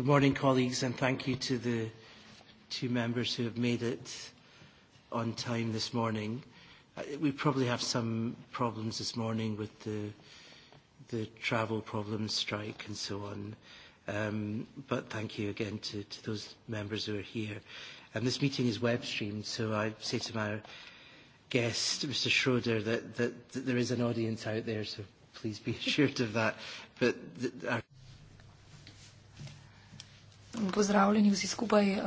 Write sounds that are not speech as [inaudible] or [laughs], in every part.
Good morning, colleagues, and thank you to the two members who have made it on time this morning. Uh, we probably have some problems this morning with the, the travel problems, strike and so on. Um, but thank you again to, to those members who are here. And this meeting is web streamed, so I say to my guest, Mr. Schroeder, that, that, that there is an audience out there, so please be [laughs] assured of that. But th- our- pozdravljeni vsi skupaj, uh,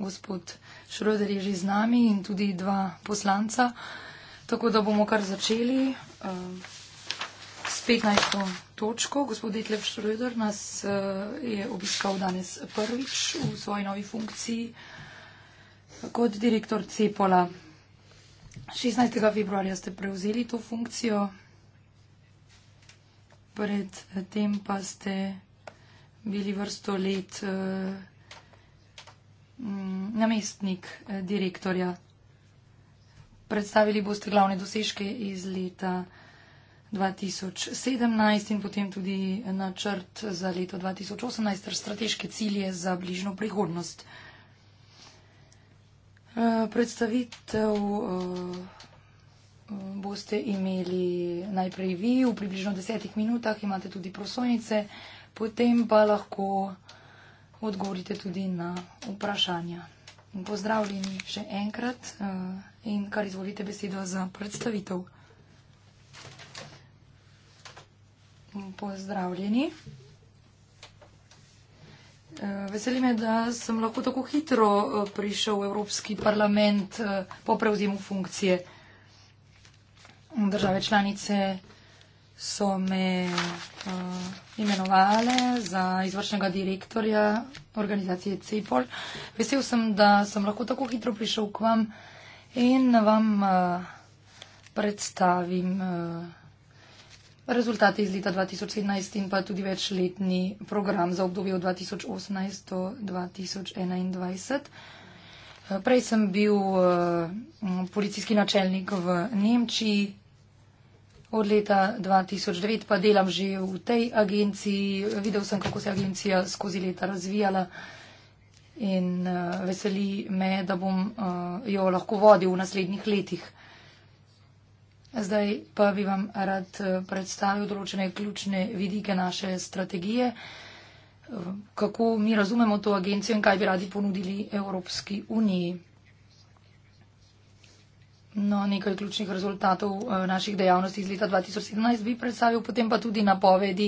gospod Šroder je že z nami in tudi dva poslanca. Tako da bomo kar začeli uh, s 15. točko. Gospod Detlev Šroder nas uh, je obiskal danes prvič v svoji novi funkciji kot direktor Cepola. 16. februarja ste prevzeli to funkcijo, predtem pa ste bili vrsto let uh, namestnik uh, direktorja. Predstavili boste glavne dosežke iz leta 2017 in potem tudi načrt za leto 2018 ter strateške cilje za bližno prihodnost. Eh, predstavitev boste imeli najprej vi v približno desetih minutah, imate tudi prosojnice potem pa lahko odgovorite tudi na vprašanja. Pozdravljeni še enkrat eh, in kar izvolite besedo za predstavitev. Pozdravljeni. Eh, veseli me, da sem lahko tako hitro eh, prišel v Evropski parlament po prevzemu funkcije države članice so me uh, eh, imenovali za izvršnega direktorja organizacije CEPOL. Vesel sem, da sem lahko tako hitro prišel k vam in vam uh, predstavim uh, rezultate iz leta 2017 in pa tudi večletni program za obdobje od 2018 do 2021. Uh, prej sem bil uh, policijski načelnik v Nemčiji od leta 2009, pa delam že v tej agenciji. Videl sem, kako se je agencija skozi leta razvijala in uh, veseli me, da bom uh, jo lahko vodil v naslednjih letih. Zdaj pa bi vam rad eh, predstavil določene ključne vidike naše strategije, kako mi razumemo to agencijo in kaj bi radi ponudili Evropski uniji. No, nekaj ključnih rezultatov eh, naših dejavnosti iz leta 2017 bi predstavil potem pa tudi napovedi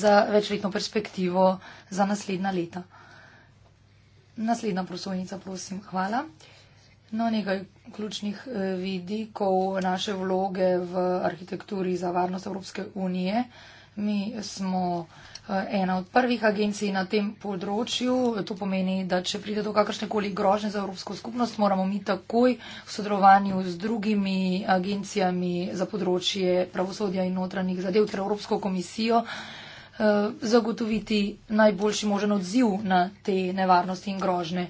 za večletno perspektivo za naslednja leta. Naslednja prosojnica, prosim, hvala. No, nekaj ključnih eh, vidikov naše vloge v arhitekturi za varnost Evropske unije. Mi smo eh, ena od prvih agencij na tem področju. To pomeni, da če pride do kakršne koli grožnje za Evropsko skupnost, moramo mi takoj v sodelovanju z drugimi agencijami za področje pravosodja in notranjih zadev ter Evropsko komisijo eh, zagotoviti najboljši možen odziv na te nevarnosti in grožne.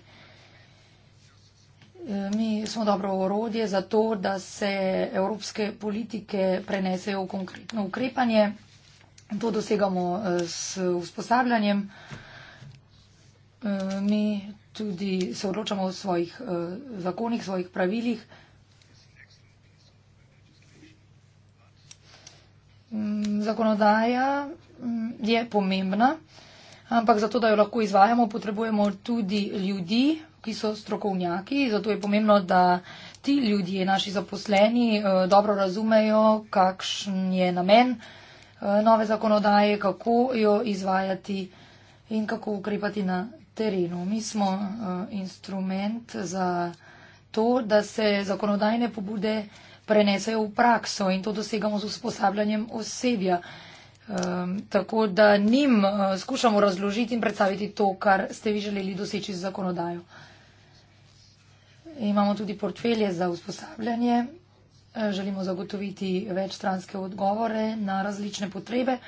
Eh, mi smo dobro orodje za to, da se evropske politike prenesejo v konkretno ukrepanje to dosegamo eh, s usposabljanjem. Eh, mi tudi se odločamo o svojih eh, zakonih, svojih pravilih. Mm, zakonodaja mm, je pomembna, ampak zato, da jo lahko izvajamo, potrebujemo tudi ljudi, ki so strokovnjaki. Zato je pomembno, da ti ljudje, naši zaposleni, dobro razumejo, kakšen je namen Eh, nove zakonodaje, kako jo izvajati in kako ukrepati na terenu. Mi smo eh, instrument za to, da se zakonodajne pobude prenesejo v prakso in to dosegamo z usposabljanjem osebja. Um, tako da njim uh, skušamo razložiti in predstaviti to, kar ste vi želeli doseči z zakonodajo. Imamo tudi portfelje za usposabljanje, želimo zagotoviti večstranske odgovore na različne potrebe.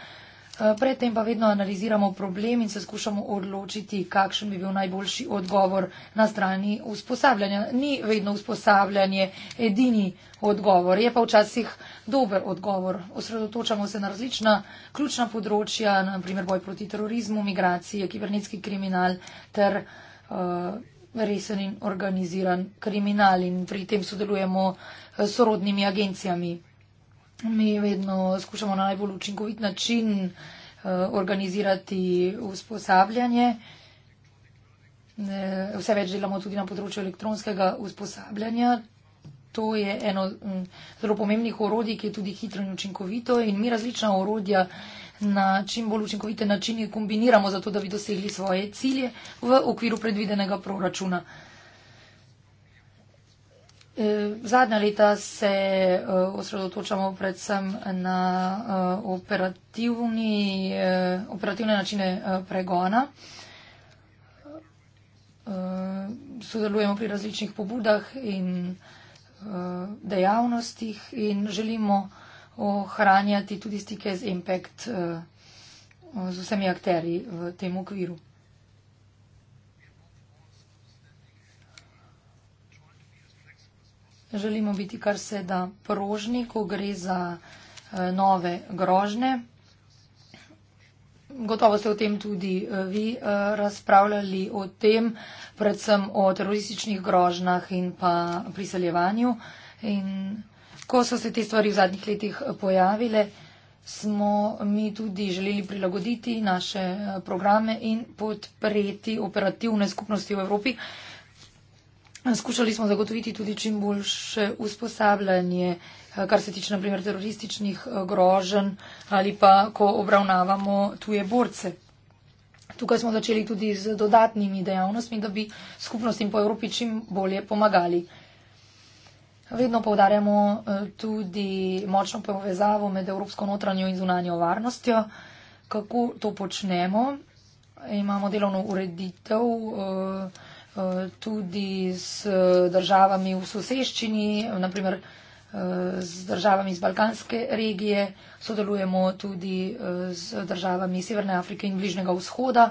Predtem pa vedno analiziramo problem in se skušamo odločiti, kakšen bi bil najboljši odgovor na strani usposabljanja. Ni vedno usposabljanje edini odgovor, je pa včasih dober odgovor. Osredotočamo se na različna ključna področja, naprimer boj proti terorizmu, migracije, kibernetski kriminal ter uh, resen in organiziran kriminal. In pri tem sodelujemo uh, sorodnimi agencijami. Mi vedno skušamo na najbolj učinkovit način eh, organizirati usposabljanje. Eh, vse več delamo tudi na področju elektronskega usposabljanja. To je eno mm, zelo pomembnih orodij, ki je tudi hitro in učinkovito in mi različna orodja na čim bolj učinkovite načine kombiniramo, zato da bi dosegli svoje cilje v okviru predvidenega proračuna. E, zadnja leta se e, osredotočamo predvsem na e, operativni, operativne načine pregona. Sodelujemo pri različnih pobudah in dejavnostih in želimo ohranjati tudi stike z impact z vsemi akteri v tem okviru. Želimo biti kar se da prožni, ko gre za eh, nove grožne. Gotovo ste o tem tudi eh, vi eh, razpravljali, o tem, predvsem o terorističnih grožnah in pa priseljevanju. In ko so se te stvari v zadnjih letih pojavile, smo mi tudi želeli prilagoditi naše programe in podpreti operativne skupnosti v Evropi, Skušali smo zagotoviti tudi čim boljše usposabljanje, eh, kar se tiče naprimer terorističnih eh, groženj ali pa, ko obravnavamo tuje borce. Tukaj smo začeli tudi z dodatnimi dejavnostmi, da bi skupnostim po Evropi čim bolje pomagali. Vedno povdarjamo eh, tudi močno povezavo med evropsko notranjo in zunanjo varnostjo. Kako to počnemo? Imamo delovno ureditev. Eh, tudi z eh, državami v soseščini, eh, naprimer z državami iz Balkanske regije, sodelujemo tudi z državami Severne Afrike in Bližnjega vzhoda.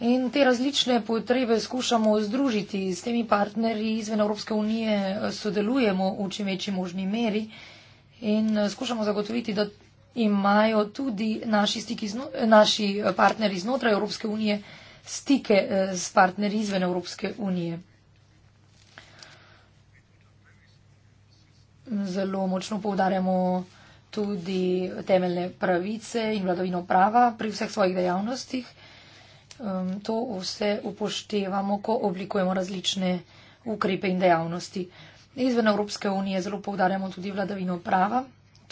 In te različne potrebe skušamo združiti s temi partnerji izven Evropske unije, sodelujemo v čim večji možni meri in skušamo zagotoviti, da imajo tudi naši, no-, naši partnerji znotraj Evropske unije stike eh, s partnerji izven Evropske unije. Zelo močno povdarjamo tudi temeljne pravice in vladavino prava pri vseh svojih dejavnostih. To vse upoštevamo, ko oblikujemo različne ukrepe in dejavnosti. Izven Evropske unije zelo povdarjamo tudi vladavino prava.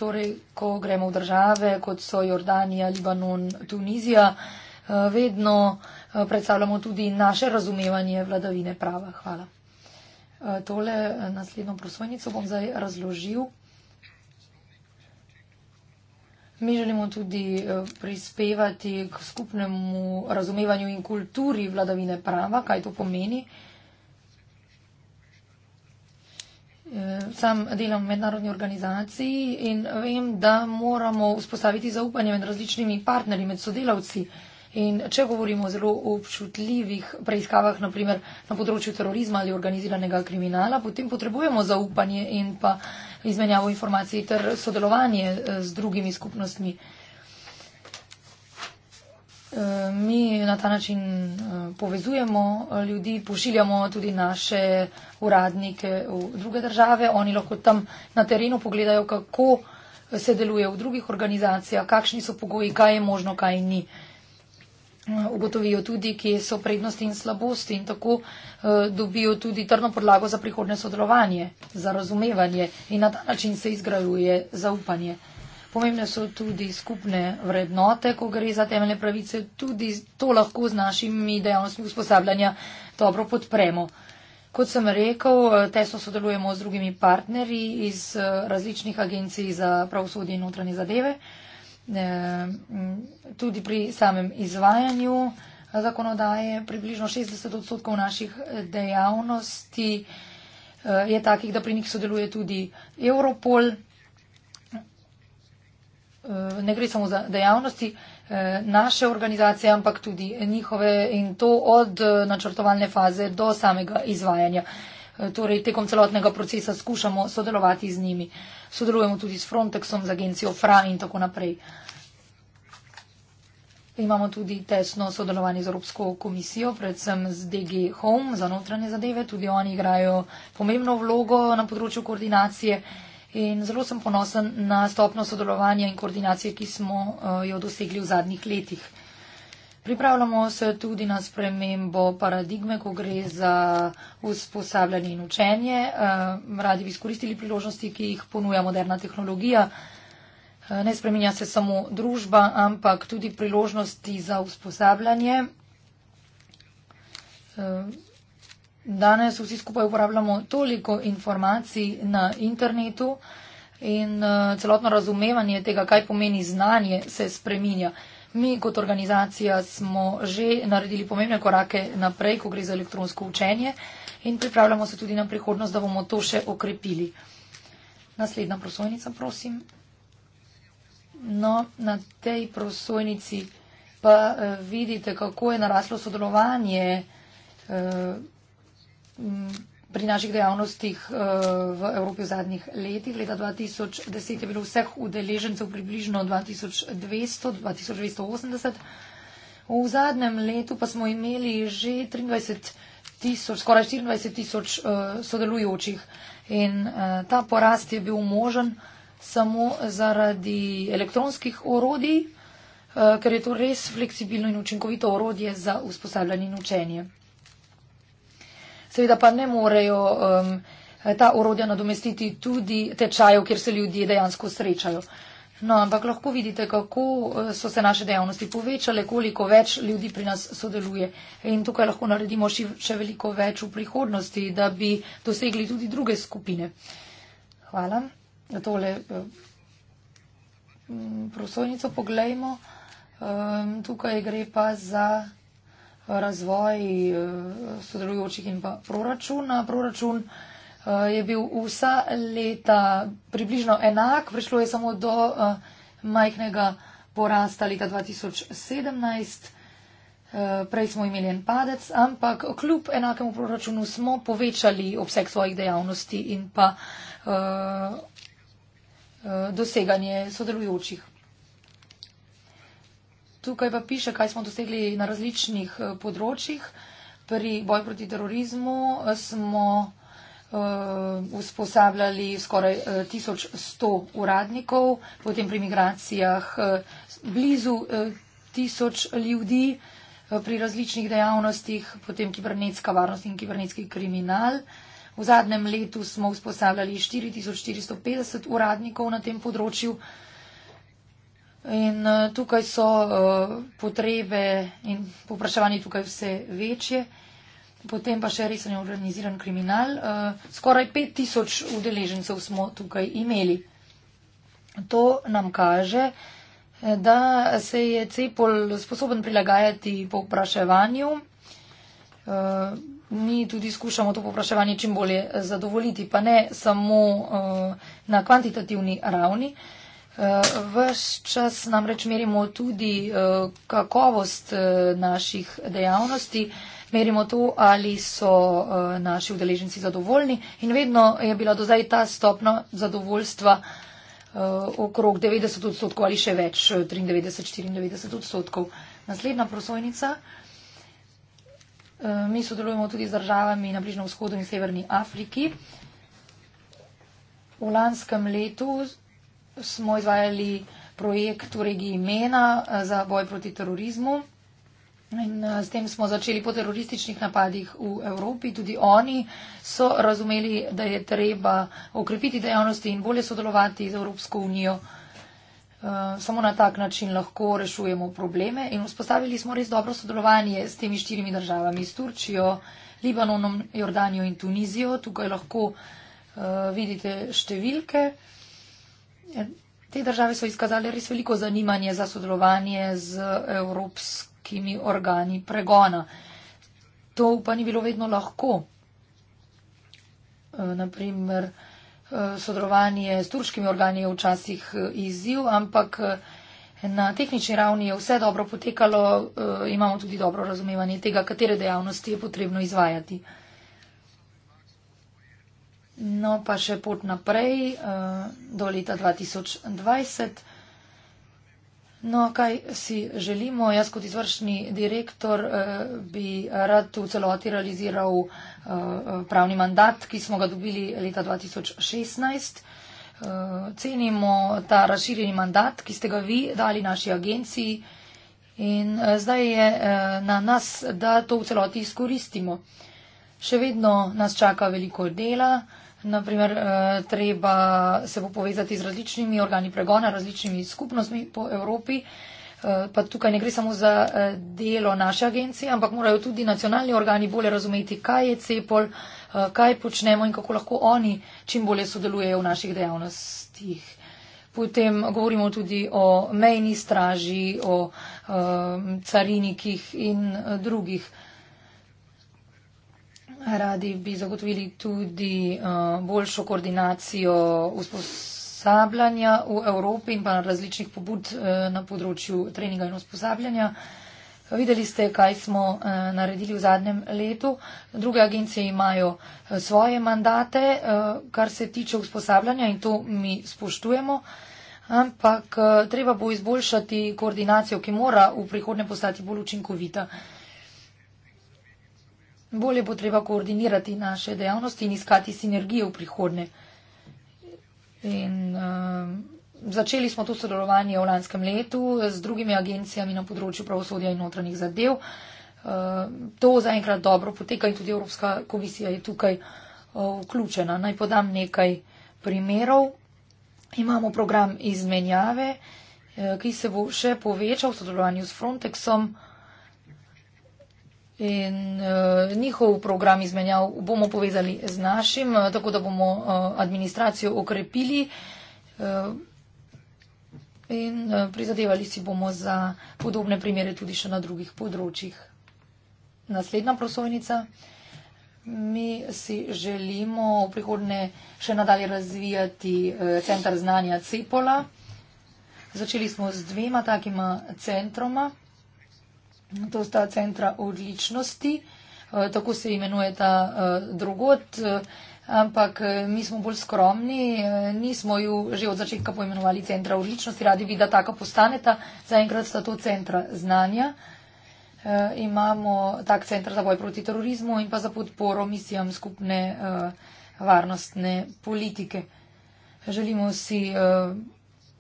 Torej, ko gremo v države, kot so Jordanija, Libanon, Tunizija, eh, vedno Eh, predstavljamo tudi naše razumevanje vladavine prava. Hvala. Eh, tole eh, naslednjo prosojnico bom zdaj razložil. Mi želimo tudi prispevati k skupnemu razumevanju in kulturi vladavine prava, kaj to pomeni. Sam delam v mednarodni organizaciji in vem, da moramo vzpostaviti zaupanje med različnimi partnerji, med sodelavci. In če govorimo o zelo občutljivih preiskavah, naprimer na področju terorizma ali organiziranega kriminala, potem potrebujemo zaupanje in pa izmenjavo informacij ter sodelovanje eh, z drugimi skupnostmi. Eh, mi na ta način eh, povezujemo ljudi, pošiljamo tudi naše uradnike v druge države. Oni lahko tam na terenu pogledajo, kako se deluje v drugih organizacijah, kakšni so pogoji, kaj je možno, kaj ni. Eh, ugotovijo tudi, kje so prednosti in slabosti in tako eh, dobijo tudi trdno podlago za prihodne sodelovanje, za razumevanje in na ta način se izgrajuje zaupanje. Pomembne so tudi skupne vrednote, ko gre za temeljne pravice, tudi to lahko z našimi dejavnostmi usposabljanja dobro podpremo. Kot sem rekel, eh, tesno sodelujemo z drugimi partnerji iz različnih agencij za pravosodje in notranje zadeve. Eh, tudi pri samem izvajanju zakonodaje. Približno 60 odstotkov naših eh, dejavnosti eh, je takih, da pri njih sodeluje tudi Europol. Ne gre samo za dejavnosti naše organizacije, ampak tudi njihove in to od načrtovalne faze do samega izvajanja torej tekom celotnega procesa skušamo sodelovati z njimi. Sodelujemo tudi s Frontexom, z agencijo FRA in tako naprej. Imamo tudi tesno sodelovanje z Evropsko komisijo, predvsem z DG Home za notranje zadeve. Tudi oni igrajo pomembno vlogo na področju koordinacije. In zelo sem ponosen na stopno sodelovanja in koordinacije, ki smo eh, jo dosegli v zadnjih letih. Pripravljamo se tudi na spremembo paradigme, ko gre za usposabljanje in učenje. Eh, radi bi izkoristili priložnosti, ki jih ponuja moderna tehnologija. Eh, ne spreminja se samo družba, ampak tudi priložnosti za usposabljanje. Eh, danes vsi skupaj uporabljamo toliko informacij na internetu in celotno razumevanje tega, kaj pomeni znanje, se spreminja. Mi kot organizacija smo že naredili pomembne korake naprej, ko gre za elektronsko učenje in pripravljamo se tudi na prihodnost, da bomo to še okrepili. Naslednja prosojnica, prosim. No, na tej prosojnici pa eh, vidite, kako je naraslo sodelovanje eh, pri naših dejavnostih eh, v Evropi v zadnjih letih. Leta 2010 je bilo vseh udeležencev približno 2200-2280. V zadnjem letu pa smo imeli že 23 tisoč, skoraj 24 tisoč eh, sodelujočih. In eh, ta porast je bil možen samo zaradi elektronskih orodij, ker je to res fleksibilno in učinkovito orodje za usposabljanje in učenje seveda pa ne morejo um, ta orodja nadomestiti tudi tečajev, kjer se ljudje dejansko srečajo. No, ampak lahko vidite, kako uh, so se naše dejavnosti povečale, koliko več ljudi pri nas sodeluje. In tukaj lahko naredimo še, še veliko več v prihodnosti, da bi dosegli tudi druge skupine. Hvala. Tole uh, prosojnico poglejmo. Um, tukaj gre pa za razvoj eh, sodelujočih in pa proračuna. Proračun eh, je bil vsa leta približno enak, prišlo je samo do eh, majhnega porasta leta 2017. Prej smo imeli en padec, ampak kljub enakemu proračunu smo povečali obseg svojih dejavnosti in pa uh, uh, doseganje sodelujočih tukaj pa piše, kaj smo dosegli na različnih eh, področjih. Pri boju proti terorizmu eh, smo uh, usposabljali skoraj uh, 1100 uradnikov, potem pri migracijah uh, blizu uh, 1000 ljudi uh, pri različnih dejavnostih, potem kibernetska varnost in kibernetski kriminal. V zadnjem letu smo usposabljali 4450 uradnikov na tem področju. Uh, In uh, tukaj so uh, potrebe in popraševanje tukaj vse večje. Potem pa še resen organiziran kriminal. Uh, skoraj 5000 udeležencev smo tukaj imeli. To nam kaže, da se je Cepol sposoben prilagajati popraševanju. Uh, mi tudi skušamo to popraševanje čim bolje zadovoljiti, pa ne samo uh, na kvantitativni ravni, uh, Ves čas namreč merimo tudi eh, kakovost eh, naših dejavnosti, merimo to, ali so eh, naši udeleženci zadovoljni in vedno je bila do zdaj ta stopna zadovoljstva okrog 90 odstotkov ali še več, 93-94 odstotkov. Naslednja prosojnica. Mi sodelujemo tudi z državami na Bližnjem vzhodu in Severni Afriki. V lanskem letu smo izvajali projekt v regiji MENA eh, za boj proti terorizmu. In eh, s tem smo začeli po terorističnih napadih v Evropi. Tudi oni so razumeli, da je treba okrepiti dejavnosti in bolje sodelovati z Evropsko unijo. Eh, samo na tak način lahko rešujemo probleme in vzpostavili smo res dobro sodelovanje s temi štirimi državami, s Turčijo, Libanonom, Jordanijo in Tunizijo. Tukaj lahko vidite številke. Ja, te države so izkazali res veliko zanimanje za sodelovanje z evropskimi organi pregona. To pa ni bilo vedno lahko. Eh, Naprimer, eh, sodelovanje s turškimi organi je včasih eh, izziv, ampak na tehnični ravni je vse dobro potekalo, imamo tudi dobro razumevanje tega, katere dejavnosti je potrebno izvajati. No, pa še pot naprej eh, do leta 2020. No, kaj si želimo? Jaz kot izvršni direktor eh, bi rad v celoti realiziral eh, pravni mandat, ki smo ga dobili leta 2016. Cenimo ta razširjeni mandat, ki ste ga vi dali naši agenciji in zdaj je na nas, da to v celoti izkoristimo. Še vedno nas čaka veliko dela naprimer, eh, treba se bo povezati z različnimi organi pregona, različnimi skupnostmi po Evropi. Eh, pa tukaj ne gre samo za eh, delo naše agencije, ampak morajo tudi nacionalni organi bolje razumeti, kaj je cepol, kaj počnemo in kako lahko oni čim bolje sodelujejo v naših dejavnostih. Potem govorimo tudi o mejni straži, o carinikih in drugih radi bi zagotovili tudi uh, boljšo koordinacijo usposabljanja v Evropi in pa različnih pobud uh, na področju treninga in usposabljanja. Videli ste, kaj smo uh, naredili v zadnjem letu. Druge agencije imajo uh, svoje mandate, uh, kar se tiče usposabljanja in to mi spoštujemo. Ampak uh, treba bo izboljšati koordinacijo, ki mora v prihodnje postati bolj učinkovita. Uh, Bolje bo treba koordinirati naše dejavnosti in iskati sinergije v prihodne. In, uh, začeli smo to sodelovanje v lanskem letu z drugimi agencijami na področju pravosodja in notranjih zadev. Uh, to zaenkrat dobro poteka in tudi Evropska komisija je tukaj uh, vključena. Naj podam nekaj primerov. Imamo program izmenjave, uh, ki se bo še povečal v sodelovanju s Frontexom. Uh, in uh, njihov program izmenjav bomo povezali z našim, uh, tako da bomo uh, administracijo okrepili uh, in uh, prizadevali si bomo za podobne primere tudi še na drugih področjih. Naslednja prosojnica. Mi si želimo v prihodne še nadalje razvijati uh, centr znanja Cepola. Začeli smo z dvema takima centroma. To sta centra odličnosti, eh, tako se imenujeta eh, drugot, eh, ampak mi smo bolj skromni, nismo ju že od začetka poimenovali centra odličnosti, radi bi, da tako postaneta. Zaenkrat sta to centra znanja. Imamo tak center za boj proti terorizmu in pa za podporo misijam skupne varnostne politike. Želimo si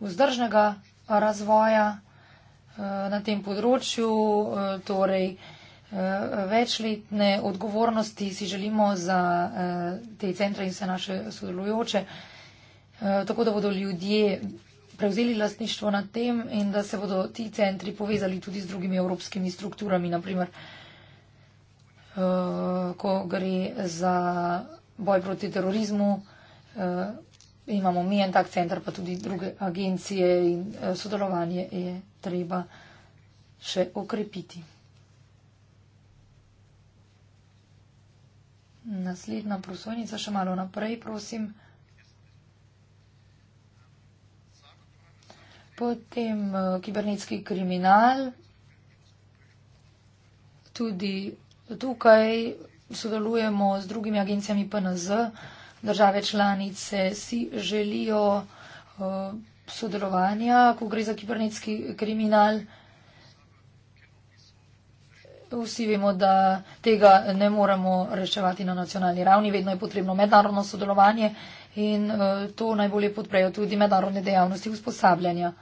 vzdržnega razvoja. Eh, na tem področju, eh, torej eh, večletne odgovornosti si želimo za te centre in vse naše sodelujoče, tako da bodo ljudje prevzeli lastništvo nad tem in da se bodo ti centri povezali tudi z drugimi evropskimi strukturami, naprimer, ko gre za boj proti terorizmu, imamo mi en tak center, pa tudi druge agencije in sodelovanje je treba še okrepiti. Naslednja prosojnica, še malo naprej, prosim. Potem eh, kibernetski kriminal. Tudi tukaj sodelujemo z drugimi agencijami PNZ. Države članice si želijo eh, sodelovanja, ko gre za kibernetski kriminal. Vsi vemo, da tega ne moremo reševati na nacionalni ravni, vedno je potrebno mednarodno sodelovanje in eh, to najbolje podprejo tudi mednarodne dejavnosti usposabljanja.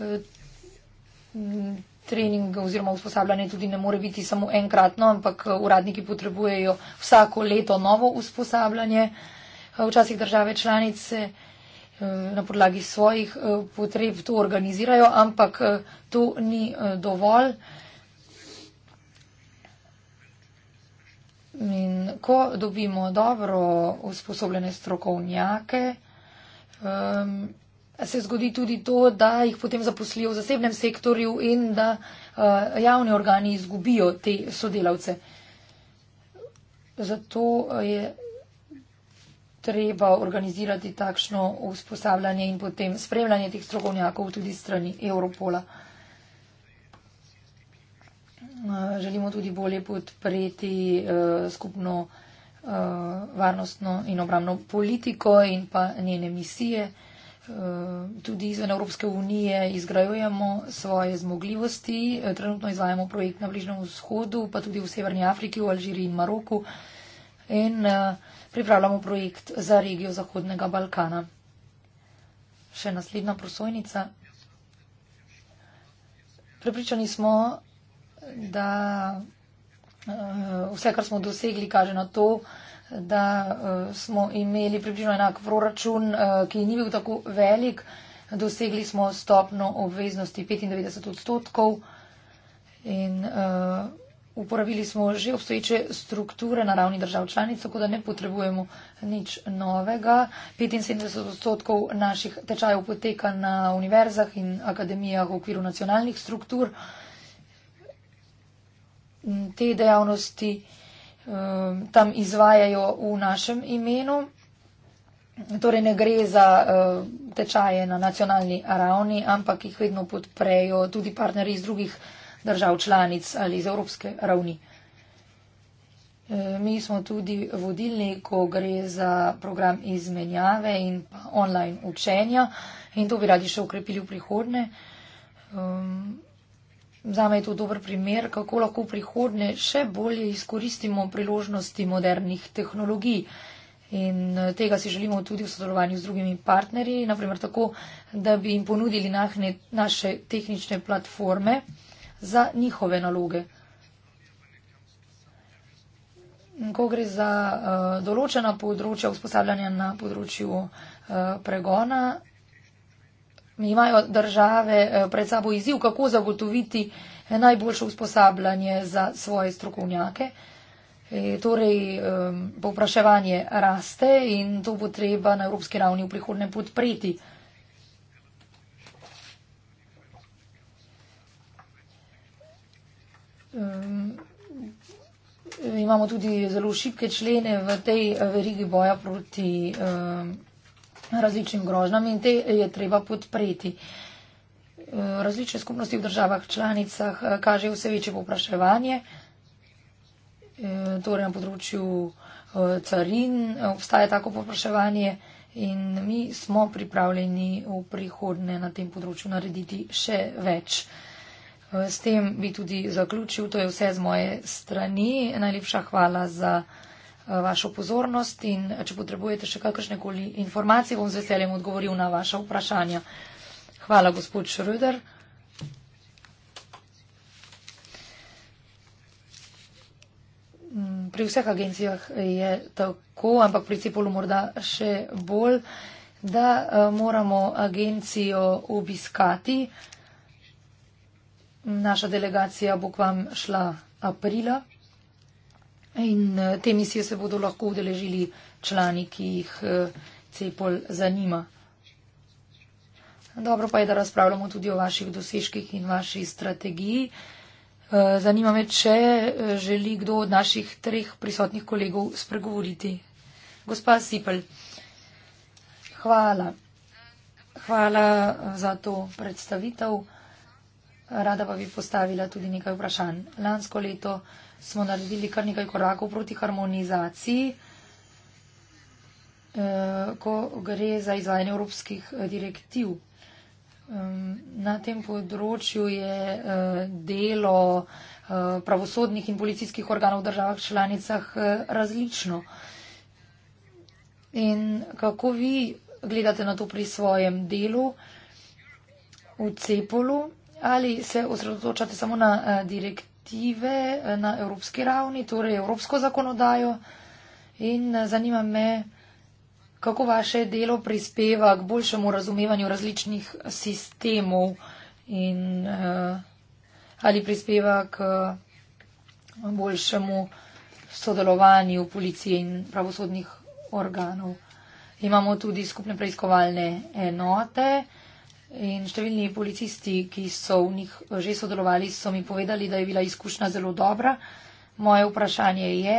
Eh, trening oziroma usposabljanje tudi ne more biti samo enkratno, ampak eh, uradniki potrebujejo vsako leto novo usposabljanje. Včasih države članice. Eh, na podlagi svojih eh, potreb to organizirajo, ampak eh, to ni dovolj. In ko dobimo dobro usposobljene strokovnjake, ehm, se zgodi tudi to, da jih potem zaposlijo v zasebnem sektorju in da javni organi izgubijo te sodelavce. Zato je treba organizirati takšno usposabljanje in potem spremljanje teh strokovnjakov tudi strani Europola. Želimo tudi bolje podpreti eh, skupno eh, varnostno in obramno politiko in pa njene misije. Eh, tudi izven Evropske unije izgrajujemo svoje zmogljivosti. Trenutno izvajamo projekt na Bližnjem vzhodu, pa tudi v Severni Afriki, v Alžiriji in Maroku. In, uh, pripravljamo projekt za regijo Zahodnega Balkana. Še naslednja prosojnica. Prepričani smo, da eh, vse, kar smo dosegli, kaže na to, da eh, smo imeli približno enak proračun, eh, ki ni bil tako velik. Dosegli smo stopno obveznosti 95 odstotkov in Uporabili smo že obstoječe strukture na ravni držav članic, tako da ne potrebujemo nič novega. 75 odstotkov naših tečajev poteka na univerzah in akademijah v okviru nacionalnih struktur. Te dejavnosti um, tam izvajajo v našem imenu. Torej ne gre za uh, tečaje na nacionalni ravni, ampak jih vedno podprejo tudi partnerji iz drugih držav članic ali iz evropske ravni. E, mi smo tudi vodilni, ko gre za program izmenjave in pa online učenja in to bi radi še ukrepili v prihodne. Zame je to dober primer, kako lahko v prihodne še bolje izkoristimo priložnosti modernih tehnologij. In e, tega si želimo tudi v sodelovanju z drugimi partnerji, naprimer tako, da bi jim ponudili nahne, naše tehnične platforme za njihove naloge. Ko gre za uh, določena področja usposabljanja na področju uh, pregona, imajo države uh, pred sabo izziv, kako zagotoviti najboljše usposabljanje za svoje strokovnjake. E, torej, um, povpraševanje raste in to bo treba na evropski ravni v prihodnem podpreti. Uh, Ehm, imamo tudi zelo šibke člene v tej verigi boja proti ehm, različnim grožnam in te je treba podpreti. Ehm, različne skupnosti v državah članicah eh, kažejo vse večje popraševanje, torej na področju eh, carin eh, obstaja tako popraševanje in mi smo pripravljeni v prihodne na tem področju narediti še več. S tem bi tudi zaključil. To je vse z moje strani. Najlepša hvala za eh, vašo pozornost in eh, če potrebujete še kakršne koli informacije, bom z veseljem odgovoril na vaše vprašanja. Hvala, gospod Šröder. Mm, pri vseh agencijah je tako, ampak pri Cepolu morda še bolj, da eh, moramo agencijo obiskati. Naša delegacija bo k vam šla aprila in eh, te misije se bodo lahko udeležili člani, ki jih eh, CEPOL zanima. Dobro pa je, da razpravljamo tudi o vaših dosežkih in vaši strategiji. Eh, zanima me, če želi kdo od naših treh prisotnih kolegov spregovoriti. Gospa Sipel, hvala. Hvala za to predstavitev. Rada pa bi postavila tudi nekaj vprašanj. Lansko leto smo naredili kar nekaj korakov proti harmonizaciji, eh, ko gre za izvajanje evropskih eh, direktiv. Na tem področju je eh, delo pravosodnih in policijskih organov v državah članicah različno. In kako vi gledate na to pri svojem delu v Cepolu? ali se osredotočate samo na eh, direktive eh, na evropski ravni, torej evropsko zakonodajo. In eh, zanima me, kako vaše delo prispeva k boljšemu razumevanju različnih sistemov in ali prispeva k boljšemu sodelovanju policije in pravosodnih organov. Imamo tudi skupne preiskovalne enote. In številni policisti, ki so v njih že sodelovali, so mi povedali, da je bila izkušnja zelo dobra. Moje vprašanje je,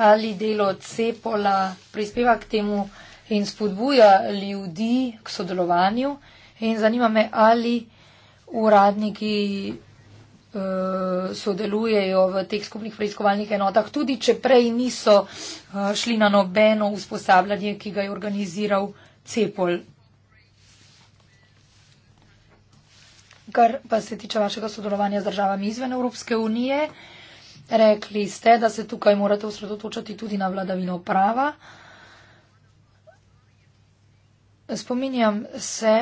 ali delo Cepola prispeva k temu in spodbuja ljudi k sodelovanju. In zanima me, ali uradniki eh, sodelujejo v teh skupnih preiskovalnih enotah, tudi če prej niso eh, šli na nobeno usposabljanje, ki ga je organiziral Cepol kar pa se tiče vašega sodelovanja z državami izven Evropske unije, rekli ste, da se tukaj morate usredotočati tudi na vladavino prava. Spominjam se,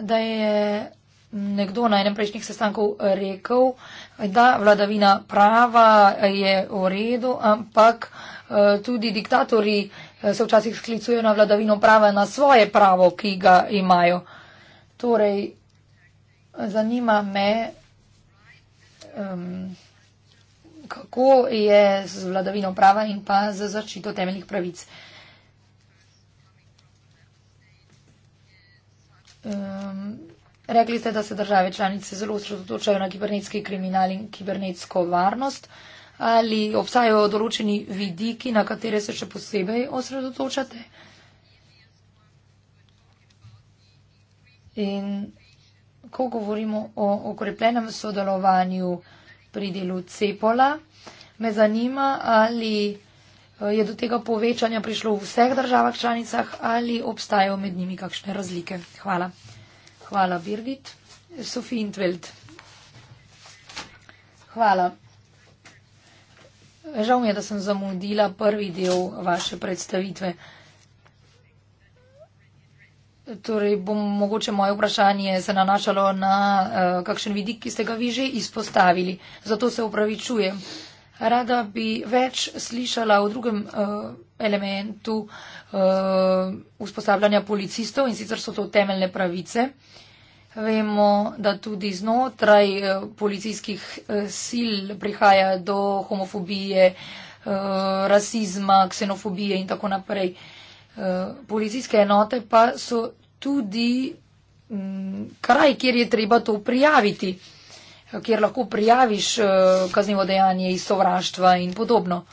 da je nekdo na enem prejšnjih sestankov rekel, da vladavina prava je v redu, ampak eh, tudi diktatori eh, se včasih sklicujejo na vladavino prava, na svoje pravo, ki ga imajo. Torej, Zanima me, um, kako je z vladavino prava in pa z zaščito temeljnih pravic. Um, rekli ste, da se države članice zelo osredotočajo na kibernetski kriminal in kibernetsko varnost. Ali obstajajo določeni vidiki, na katere se še posebej osredotočate? In ko govorimo o okrepljenem sodelovanju pri delu CEPOLA, me zanima, ali eh, je do tega povečanja prišlo v vseh državah članicah ali obstajajo med njimi kakšne razlike. Hvala. Hvala, Birgit. Sofie Intveld. Hvala. Žal mi je, da sem zamudila prvi del vaše predstavitve. Uh, Torej, bom mogoče moje vprašanje se nanašalo na uh, kakšen vidik, ki ste ga vi že izpostavili. Zato se upravičujem. Rada bi več slišala o drugem uh, elementu uh, eh, vzpostavljanja policistov in sicer so to temeljne pravice. Vemo, da tudi znotraj policijskih sil prihaja do homofobije, rasizma, ksenofobije in tako naprej. Eh, policijske enote pa so tudi m, mm, kraj, kjer je treba to prijaviti, eh, kjer lahko prijaviš eh, kaznivo dejanje iz sovraštva in podobno.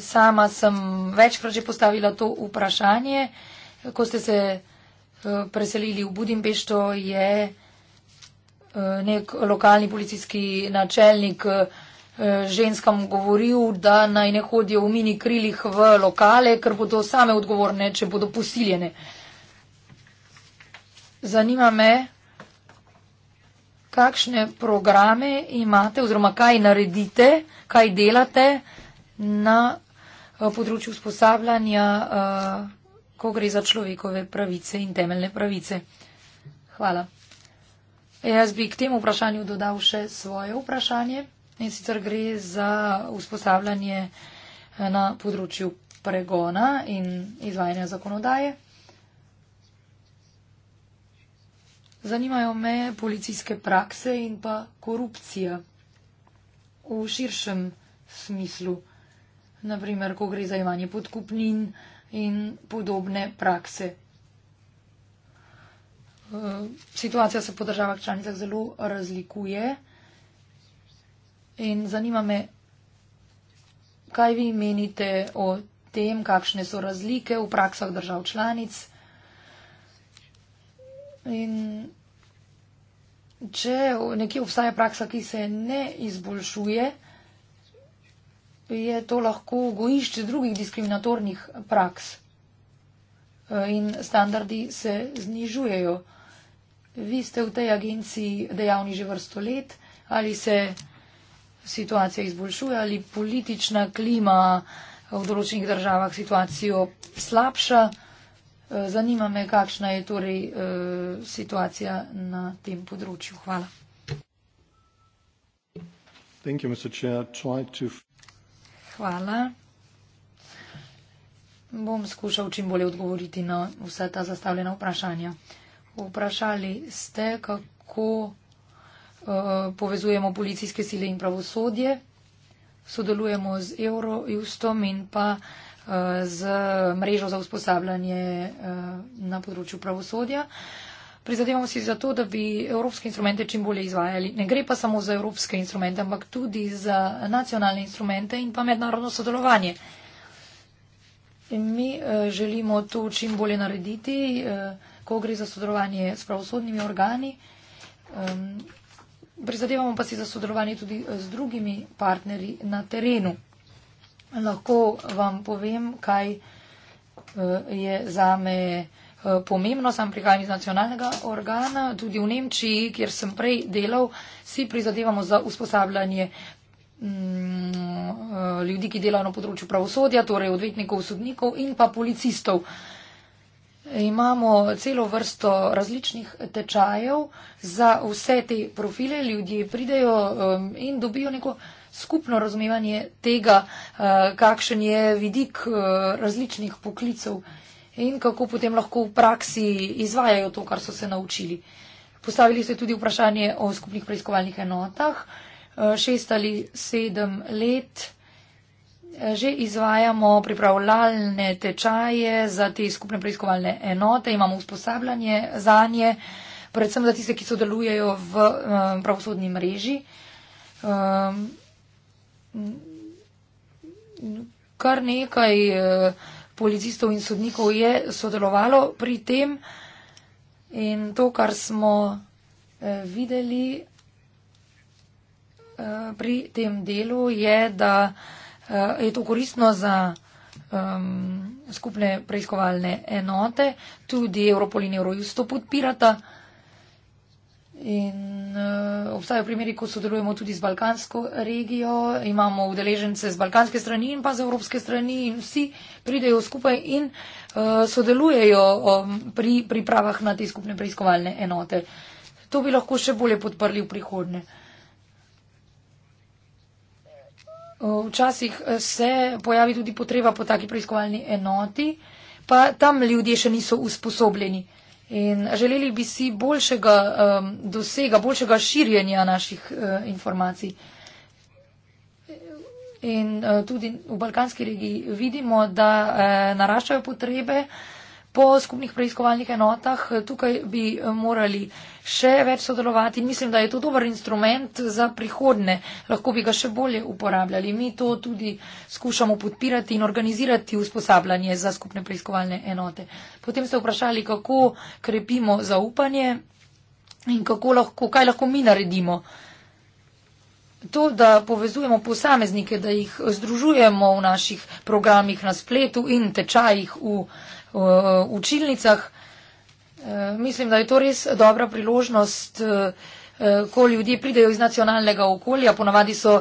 Sama sem večkrat že postavila to vprašanje. Ko ste se preselili v Budimpešto, je nek lokalni policijski načelnik Eh, ženskam govoril, da naj ne hodijo v mini krilih v lokale, ker bodo same odgovorne, če bodo posiljene. Zanima me, kakšne programe imate oziroma kaj naredite, kaj delate na eh, področju usposabljanja, eh, ko gre za človekove pravice in temeljne pravice. Hvala. Jaz bi k temu vprašanju dodal še svoje vprašanje. In sicer gre za vzpostavljanje eh, na področju pregona in izvajanja zakonodaje. Zanimajo me policijske prakse in pa korupcija v širšem smislu. Naprimer, ko gre za imanje podkupnin in podobne prakse. Eh, situacija se po državah članicah zelo razlikuje. In zanima me, kaj vi menite o tem, kakšne so razlike v praksah držav članic. In če nekje obstaja praksa, ki se ne izboljšuje, je to lahko gojišče drugih diskriminatornih praks. In standardi se znižujejo. Vi ste v tej agenciji dejavni že vrsto let. Ali se situacija izboljšuje ali politična klima v določenih državah situacijo slabša. E, zanima me, kakšna je torej e, situacija na tem področju. Hvala. Thank you, Mr. Chair. Try to... Hvala. Bom skušal čim bolje odgovoriti na vse ta zastavljena vprašanja. Vprašali ste, kako. Eh, povezujemo policijske sile in pravosodje, sodelujemo z Eurojustom in pa eh, z mrežo za usposabljanje eh, na področju pravosodja. Prizadevamo si za to, da bi evropske instrumente čim bolje izvajali. Ne gre pa samo za evropske instrumente, ampak tudi za nacionalne instrumente in pa mednarodno sodelovanje. In mi želimo to čim bolje narediti, ko gre za sodelovanje s pravosodnimi organi prizadevamo pa si za sodelovanje tudi eh, z drugimi partnerji na terenu. Lahko vam povem, kaj eh, je za me eh, pomembno. Sam prihajam iz nacionalnega organa, tudi v Nemčiji, kjer sem prej delal, si prizadevamo za usposabljanje mm, ljudi, ki delajo na področju pravosodja, torej odvetnikov, sodnikov in pa policistov. Imamo celo vrsto različnih tečajev za vse te profile. Ljudje pridejo um, in dobijo neko skupno razumevanje tega, uh, kakšen je vidik uh, različnih poklicev in kako potem lahko v praksi izvajajo to, kar so se naučili. Postavili ste tudi vprašanje o skupnih preiskovalnih enotah. Uh, šest ali sedem let. Eh, že izvajamo pripravljalne tečaje za te skupne preiskovalne enote, imamo usposabljanje za nje, predvsem za tiste, ki sodelujejo v um, pravosodni mreži. Um, kar nekaj eh, policistov in sodnikov je sodelovalo pri tem in to, kar smo videli pri tem delu, je, da Eh, je to koristno za um, skupne preiskovalne enote, tudi Evropol in Eurojust to podpirata. In uh, obstajajo primeri, ko sodelujemo tudi z balkansko regijo, imamo udeležence z balkanske strani in pa z evropske strani in vsi pridejo skupaj in uh, sodelujejo um, pri pripravah na te skupne preiskovalne enote. To bi lahko še bolje podprli v prihodnje. Uh, Včasih eh, se pojavi tudi potreba po taki preiskovalni enoti, pa tam ljudje še niso usposobljeni. In želeli bi si boljšega um, dosega, boljšega širjenja naših uh, informacij. In uh, tudi v Balkanski regiji vidimo, da uh, naraščajo potrebe uh, po skupnih preiskovalnih enotah. Tukaj bi eh, morali še več sodelovati in mislim, da je to dober instrument za prihodne. Lahko bi ga še bolje uporabljali. Mi to tudi skušamo podpirati in organizirati usposabljanje za skupne preiskovalne enote. Potem ste vprašali, kako krepimo zaupanje in kako lahko, kaj lahko mi naredimo. To, da povezujemo posameznike, da jih združujemo v naših programih na spletu in tečajih v uh, učilnicah. E, mislim, da je to res dobra priložnost, e, e, ko ljudje pridejo iz nacionalnega okolja, ponavadi so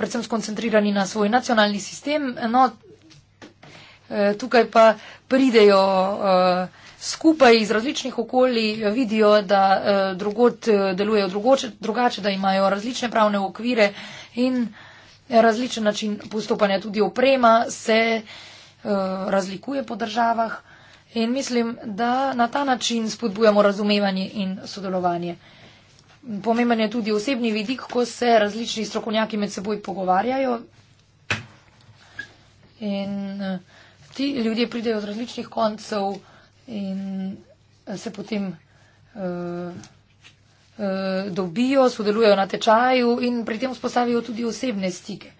predvsem skoncentrirani na svoj nacionalni sistem, no tukaj pa pridejo skupaj iz različnih okolij, vidijo, da drugot delujejo drugače, da imajo različne pravne okvire in različen način postopanja, tudi oprema se. Eh, razlikuje po državah. In mislim, da na ta način spodbujamo razumevanje in sodelovanje. Pomemben je tudi osebni vidik, ko se različni strokovnjaki med seboj pogovarjajo. In eh, ti ljudje pridejo z različnih koncev in eh, se potem uh, uh, dobijo, sodelujejo na tečaju in pri tem vzpostavijo tudi osebne stike.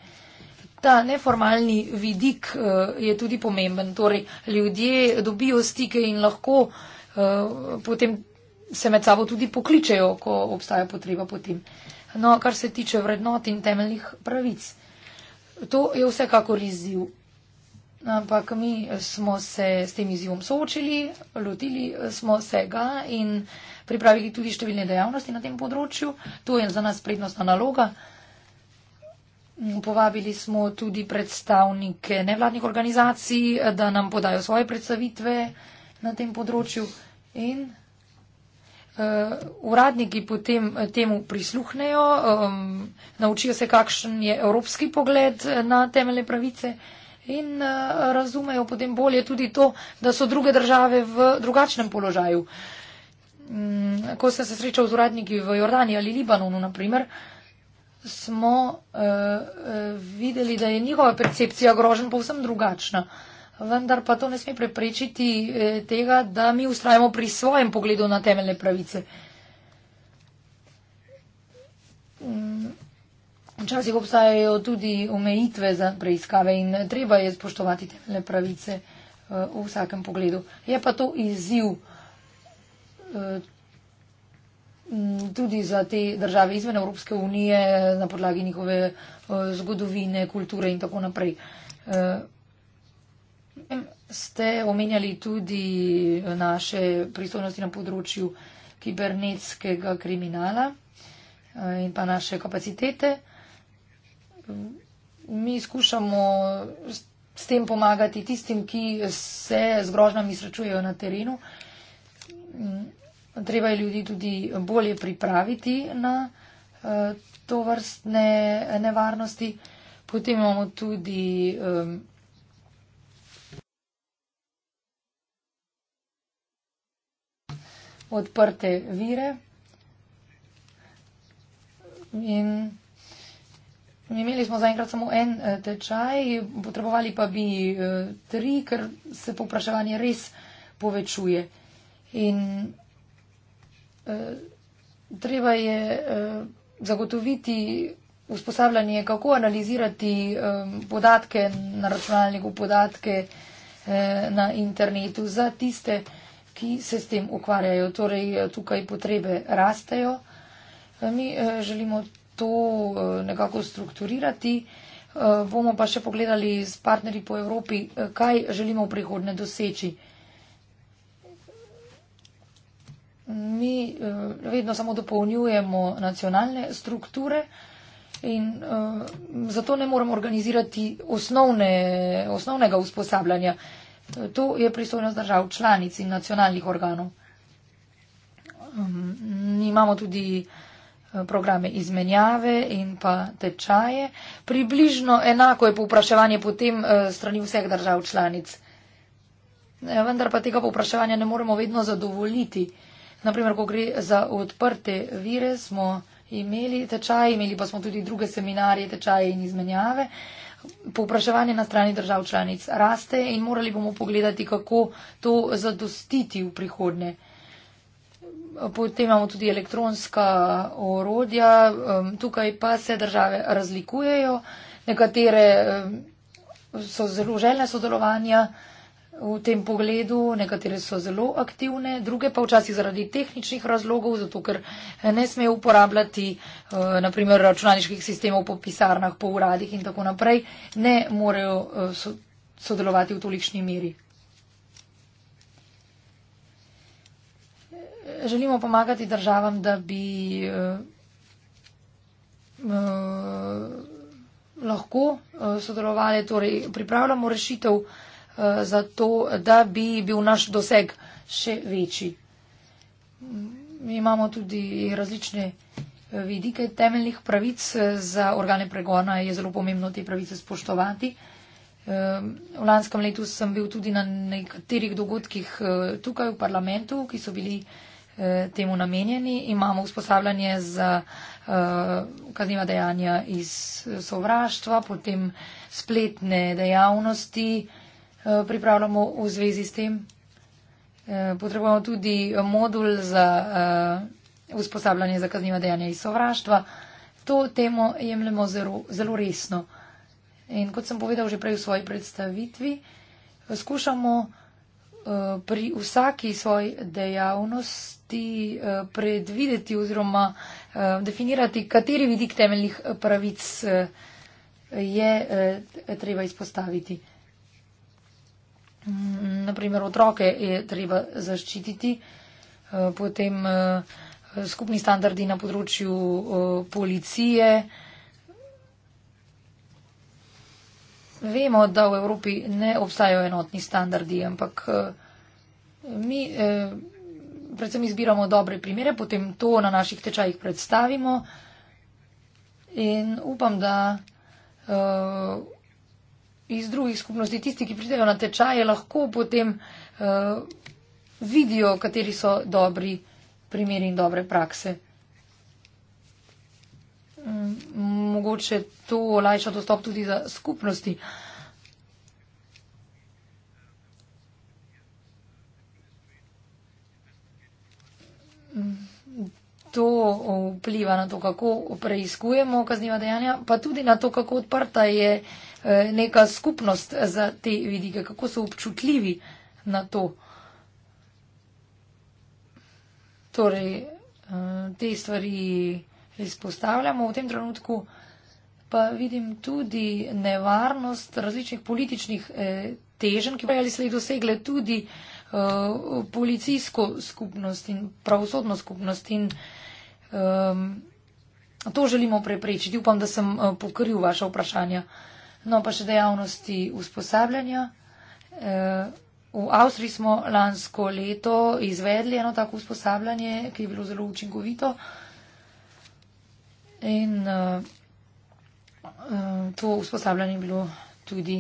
Ta neformalni vidik eh, je tudi pomemben. Torej, ljudje dobijo stike in lahko eh, potem se med sabo tudi pokličejo, ko obstaja potreba potem. No, kar se tiče vrednot in temeljnih pravic, to je vsekakor izziv. Ampak mi smo se s tem izzivom soočili, lotili smo se ga in pripravili tudi številne dejavnosti na tem področju. To je za nas prednostna naloga. Povabili smo tudi predstavnike nevladnih organizacij, da nam podajo svoje predstavitve na tem področju in uh, uradniki potem eh, temu prisluhnejo, um, naučijo se, kakšen je evropski pogled na temeljne pravice in uh, razumejo potem bolje tudi to, da so druge države v drugačnem položaju. Um, ko sem se srečal z uradniki v Jordani ali Libanonu, naprimer, uh, smo uh, videli, da je njihova percepcija grožen povsem drugačna. Vendar pa to ne sme preprečiti eh, tega, da mi ustrajamo pri svojem pogledu na temeljne pravice. Mm, včasih obstajajo tudi omejitve za preiskave in treba je spoštovati temeljne pravice eh, v vsakem pogledu. Je pa to izziv. Eh, Mm, tudi za te države izven Evropske unije na podlagi njihove eh, zgodovine, kulture in tako naprej. Eh, ste omenjali tudi naše pristojnosti na področju kibernetskega kriminala eh, in pa naše kapacitete. Mm, mi skušamo s tem pomagati tistim, ki se z grožnami srečujejo na terenu. Mm, treba je ljudi tudi bolje pripraviti na uh, eh, to vrstne nevarnosti. Potem imamo tudi. Um, odprte vire in imeli smo zaenkrat samo en eh, tečaj, potrebovali pa bi eh, tri, ker se popraševanje res povečuje. In treba je eh, zagotoviti usposabljanje, kako analizirati eh, podatke na računalniku, podatke eh, na internetu za tiste, ki se s tem ukvarjajo. Torej, tukaj potrebe rastejo. Mi želimo to nekako strukturirati. Bomo pa še pogledali s partnerji po Evropi, kaj želimo v prihodnje doseči. mi uh, vedno samo dopolnjujemo nacionalne strukture in uh, zato ne moremo organizirati osnovne, osnovnega usposabljanja. To je pristojnost držav članic in nacionalnih organov. Um, imamo tudi eh, programe izmenjave in pa tečaje. Približno enako je povpraševanje potem uh, strani vseh držav članic. Vendar pa tega povpraševanja ne moremo vedno zadovoljiti. Uh, Naprimer, ko gre za odprte vire, smo imeli tečaj, imeli pa smo tudi druge seminarije, tečaje in izmenjave. Popraševanje na strani držav članic raste in morali bomo pogledati, kako to zadostiti v prihodnje. Potem imamo tudi elektronska orodja, tukaj pa se države razlikujejo, nekatere so zelo želne sodelovanja v tem pogledu, nekatere so zelo aktivne, druge pa včasih zaradi tehničnih razlogov, zato ker ne smejo uporabljati eh, naprimer računalniških sistemov po pisarnah, po uradih in tako naprej, ne morejo eh, sodelovati v tolikšni meri. Želimo pomagati državam, da bi eh, lahko sodelovali, torej pripravljamo rešitev, Eh, za to, da bi bil naš doseg še večji. Mi mm, imamo tudi različne eh, vidike temeljnih pravic eh, za organe pregona. Je zelo pomembno te pravice spoštovati. V lanskem letu sem bil tudi na nekaterih dogodkih tukaj v parlamentu, ki so bili temu namenjeni. Imamo usposabljanje za kazniva dejanja iz sovraštva, potem spletne dejavnosti, Eh, pripravljamo v zvezi s tem. Eh, potrebujemo tudi modul za eh, usposabljanje za kaznjiva dejanja iz sovraštva. To temo jemljemo zelo, zelo resno. In kot sem povedal že prej v svoji predstavitvi, skušamo pri vsaki svoji dejavnosti predvideti oziroma definirati, kateri vidik temeljnih pravic je treba izpostaviti naprimer otroke je treba zaščititi, eh, potem eh, skupni standardi na področju eh, policije. Vemo, da v Evropi ne obstajajo enotni standardi, ampak mi predvsem izbiramo dobre primere, potem to na naših tečajih predstavimo in upam, da iz drugih skupnosti, tisti, ki pridejo na tečaje, lahko potem uh, vidijo, kateri so dobri primeri in dobre prakse. Mm, mogoče to olajša dostop tudi za skupnosti. To vpliva na to, kako preiskujemo kazniva dejanja, pa tudi na to, kako odprta je uh, Eh, neka skupnost za te vidike, kako so občutljivi na to. Torej, eh, te stvari izpostavljamo v tem trenutku, pa vidim tudi nevarnost različnih političnih eh, teženj, ki pa ali se jih dosegle tudi policijsko skupnost in pravosodno skupnost. In, ehm, To želimo preprečiti. Upam, da sem pokril vaše vprašanje. No, pa še dejavnosti usposabljanja. E, v Avstriji smo lansko leto izvedli eno tako usposabljanje, ki je bilo zelo učinkovito. In e, e, to usposabljanje je bilo tudi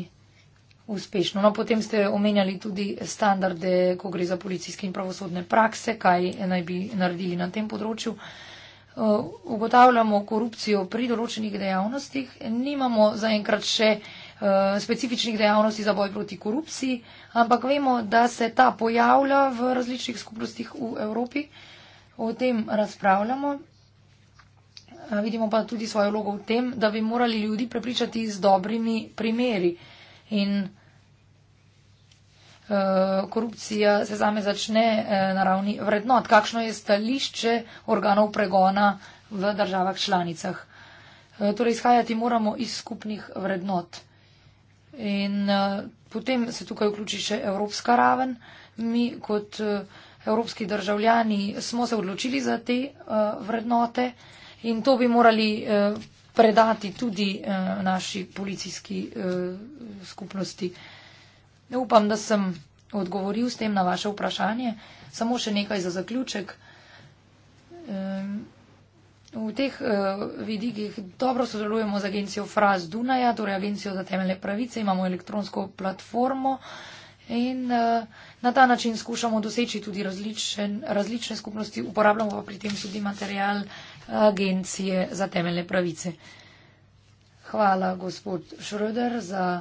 uspešno. No, potem ste omenjali tudi standarde, ko gre za policijske in pravosodne prakse, kaj naj bi naredili na tem področju. Eh, ugotavljamo korupcijo pri določenih dejavnostih. Nimamo zaenkrat še eh, specifičnih dejavnosti za boj proti korupciji, ampak vemo, da se ta pojavlja v različnih skupnostih v Evropi. O tem razpravljamo. Eh, vidimo pa tudi svojo vlogo v tem, da bi morali ljudi prepričati z dobrimi primeri. In Eh, korupcija se zame začne eh, na ravni vrednot. Kakšno je stališče organov pregona v državah članicah? Eh, torej, izhajati moramo iz skupnih vrednot. In potem se tukaj vključi še evropska raven. Mi kot evropski državljani smo se odločili za te vrednote in to bi morali predati tudi naši policijski skupnosti. Upam, da sem odgovoril s tem na vaše vprašanje. Samo še nekaj za zaključek. V teh eh, vidikih dobro sodelujemo z agencijo Fraz Dunaja, torej agencijo za temeljne pravice, imamo elektronsko platformo in eh, na ta način skušamo doseči tudi različen, različne skupnosti, uporabljamo pa pri tem tudi material eh, agencije za temeljne pravice. Hvala, gospod Šröder, za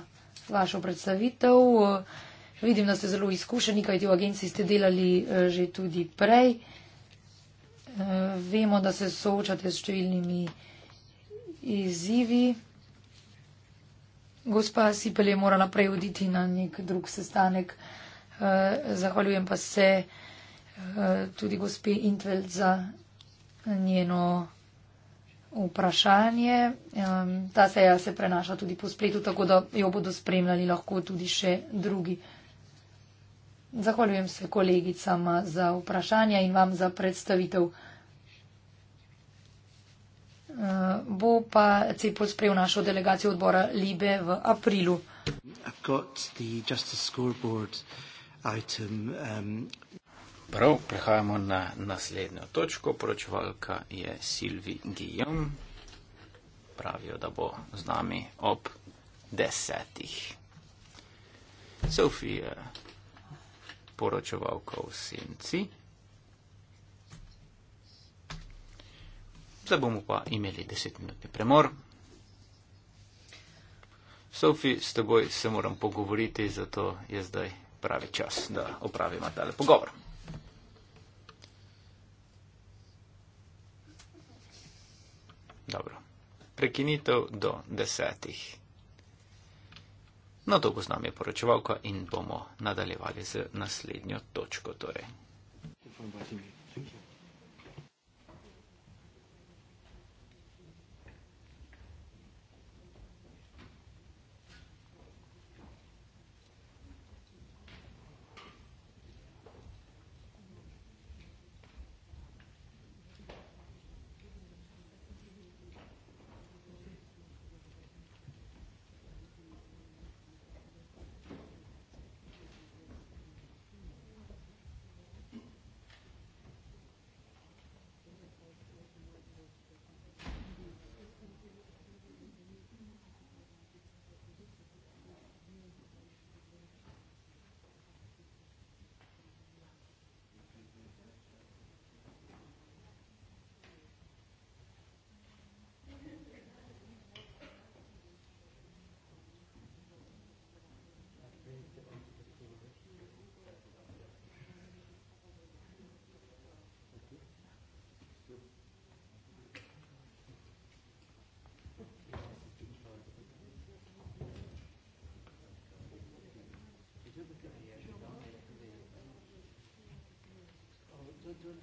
vašo predstavitev. Vidim, da ste zelo izkušeni, kajti v agenciji ste delali eh, že tudi prej. Eh, vemo, da se soočate s številnimi izzivi. Gospa Sipel je morala prej oditi na nek drug sestanek. Eh, zahvaljujem pa se tudi gospe Intveld za njeno vprašanje. Um, ta seja se prenaša tudi po spletu, tako da jo bodo spremljali lahko tudi še drugi. Zahvaljujem se kolegicama za vprašanja in vam za predstavitev. Bo pa CEPOL sprejel našo delegacijo odbora Libe v aprilu. Item, um, Prav, prehajamo na naslednjo točko. Poročevalka je Silvi Guillaume. Pravijo, da bo z nami ob desetih. Sophie je poročevalka v Sinci. Zdaj bomo pa imeli desetminutni premor. Sophie, s teboj se moram pogovoriti, zato je zdaj pravi čas, da opravimo tale pogovor. Dobro. Prekinitev do desetih. Na dolgo z nami je poročevalka in bomo nadaljevali z naslednjo točko. Torej. Thank you.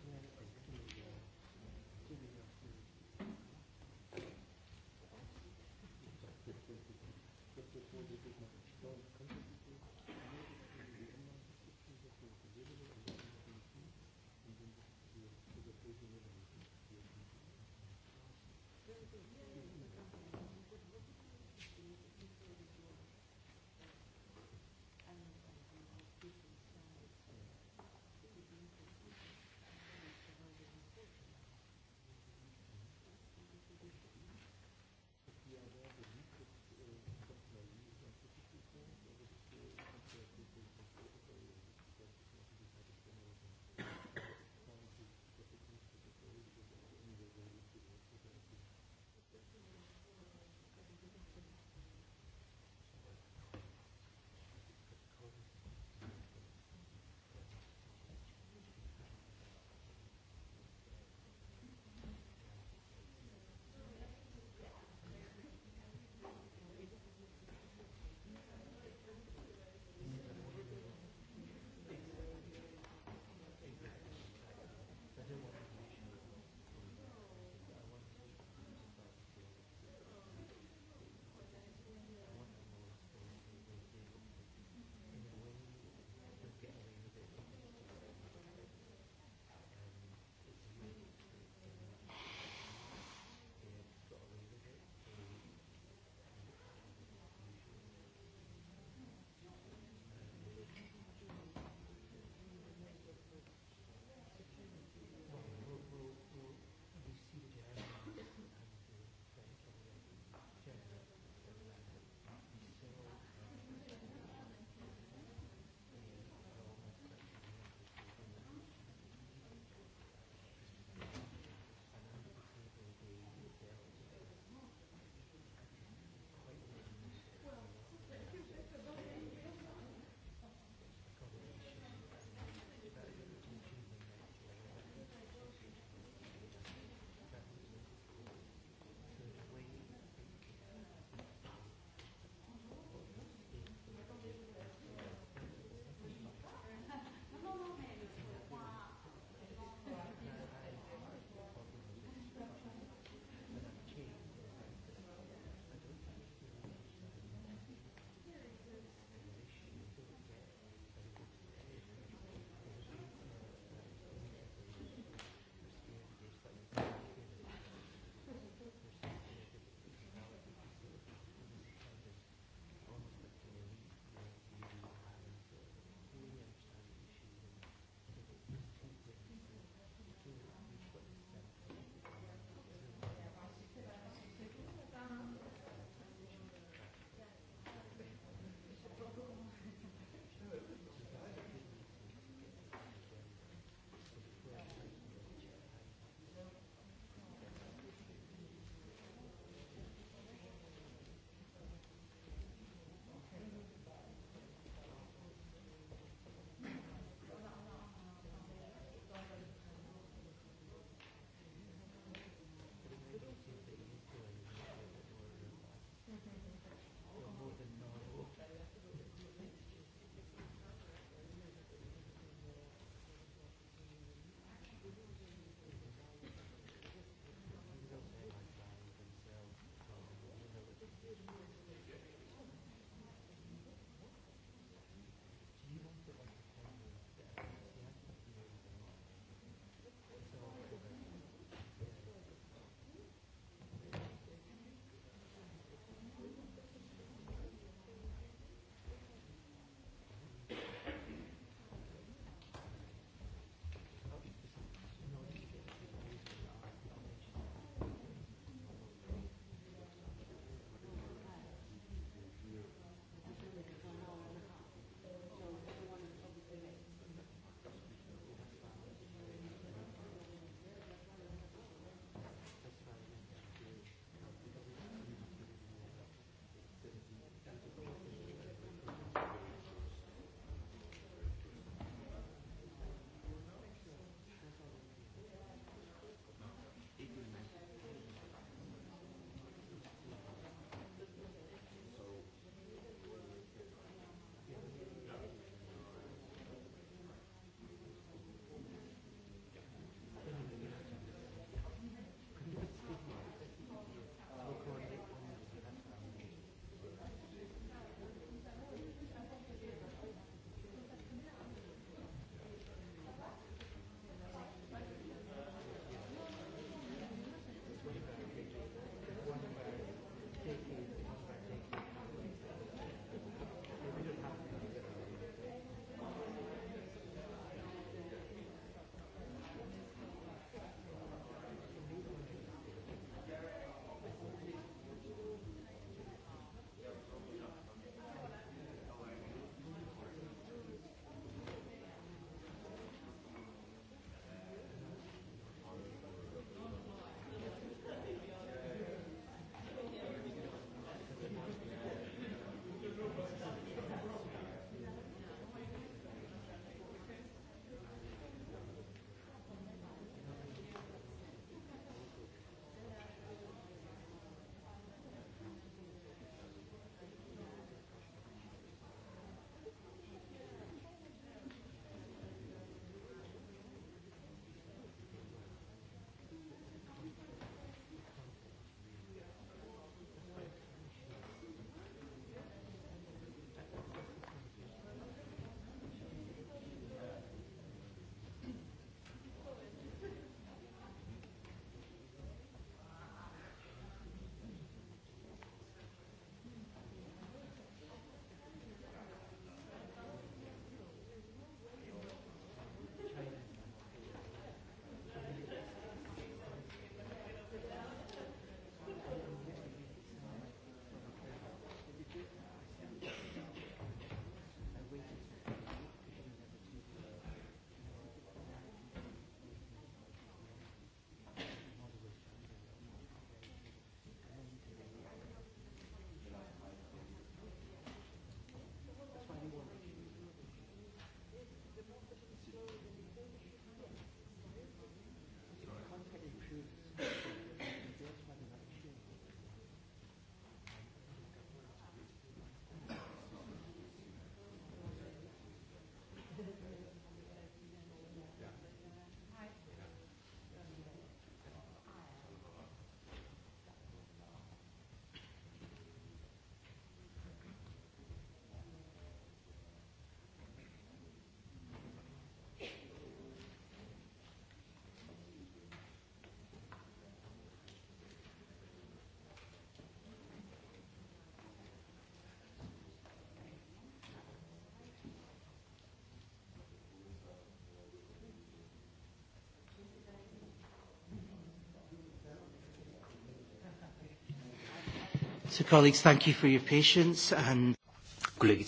Kolegice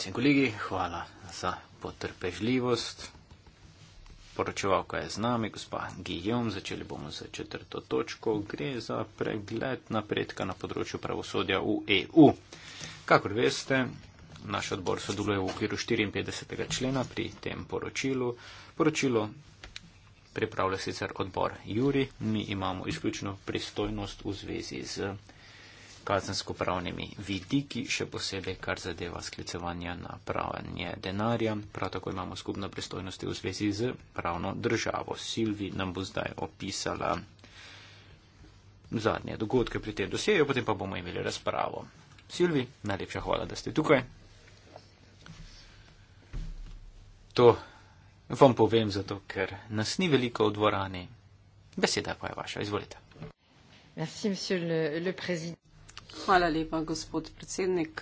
in kolegi, hvala za potrpežljivost. Poročevalka je z nami, gospa Gijom, začeli bomo z četrto točko. Gre za pregled napredka na področju pravosodja v EU. Kakor veste, naš odbor sodeluje v okviru 54. člena pri tem poročilu. Poročilo pripravlja sicer odbor Juri, mi imamo izključno pristojnost v zvezi z kazensko pravnimi vidiki, še posebej kar zadeva sklicevanja na pravanje denarja. Prav tako imamo skupno pristojnosti v zvezi z pravno državo. Silvi nam bo zdaj opisala zadnje dogodke pri tem dosjeju, potem pa bomo imeli razpravo. Silvi, najlepša hvala, da ste tukaj. To vam povem zato, ker nas ni veliko v dvorani. Beseda pa je vaša. Izvolite. Merci, monsieur le, le président. Hvala lepa, gospod predsednik.